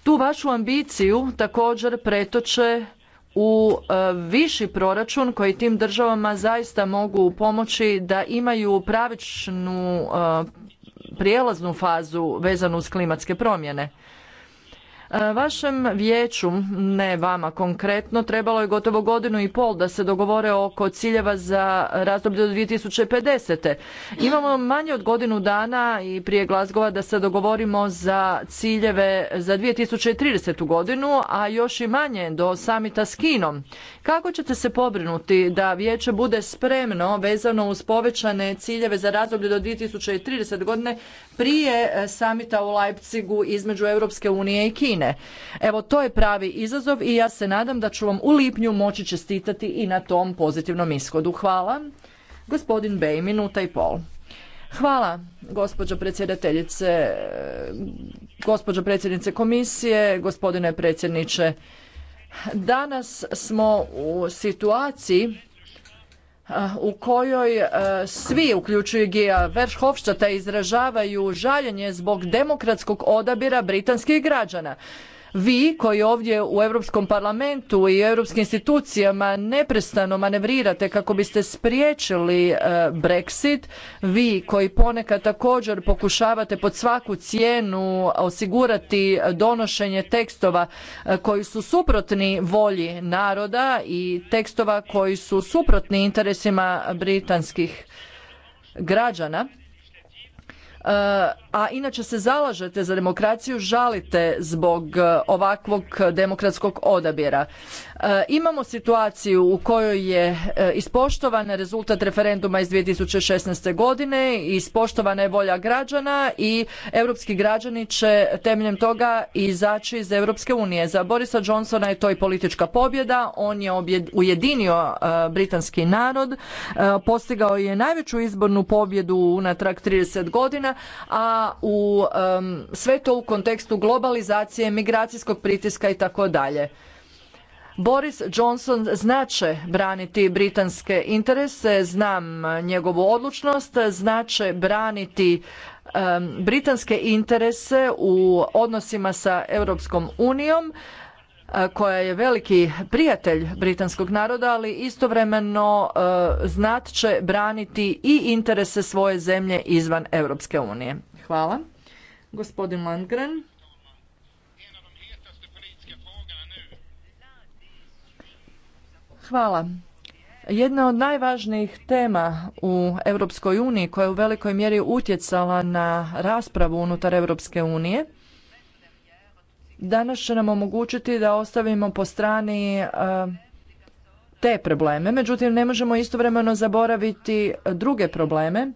tu vašu ambiciju također pretoče u e, viši proračun koji tim državama zaista mogu pomoći da imaju pravičnu e, prijelaznu fazu vezanu uz klimatske promjene. E, vašem vijeću, ne vama konkretno, trebalo je gotovo godinu i pol da se dogovore oko ciljeva za razdoblje do 2050. Imamo manje od godinu dana i prije Glazgova da se dogovorimo za ciljeve za 2030. godinu, a još i manje do samita s Kinom. Kako ćete se pobrinuti da vijeće bude spremno vezano uz povećane ciljeve za razdoblje do 2030. godine prije e, samita u Leipzigu između Europske unije i Kine? Evo to je pravi izazov i ja se nadam da ću vam u lipnju moći čestitati i na tom pozitivnom ishodu. Hvala. Gospodin Bej, minuta i pol. Hvala, gospođo predsjedateljice, gospođo predsjednice komisije, gospodine predsjedniče. Danas smo u situaciji Eh, u kojoj eh, svi, uključuju Gija Verhofstadta, izražavaju žaljenje zbog demokratskog odabira britanskih građana. Vi koji ovdje u Europskom parlamentu i europskim institucijama neprestano manevrirate kako biste spriječili e, Brexit, vi koji ponekad također pokušavate pod svaku cijenu osigurati donošenje tekstova e, koji su suprotni volji naroda i tekstova koji su suprotni interesima britanskih građana E, a inače se zalažete za demokraciju, žalite zbog e, ovakvog demokratskog odabira. E, imamo situaciju u kojoj je ispoštovan rezultat referenduma iz 2016. godine, ispoštovana je volja građana i europski građani će temeljem toga izaći iz Europske unije. Za Borisa Johnsona je to i politička pobjeda, on je ujedinio britanski narod, postigao je najveću izbornu pobjedu unatrag 30 godina a u sve to u kontekstu globalizacije, migracijskog pritiska i tako dalje. Boris Johnson znače braniti britanske interese, znam njegovu odlučnost, znače braniti britanske interese u odnosima sa Europskom unijom koja je veliki prijatelj britanskog naroda, ali istovremeno znat će braniti i interese svoje zemlje izvan Europske unije. Hvala. Gospodin Landgren. Hvala. Jedna od najvažnijih tema u Europskoj uniji koja je u velikoj mjeri utjecala na raspravu unutar Europske unije danas će nam omogućiti da ostavimo po strani e, te probleme, međutim ne možemo istovremeno zaboraviti druge probleme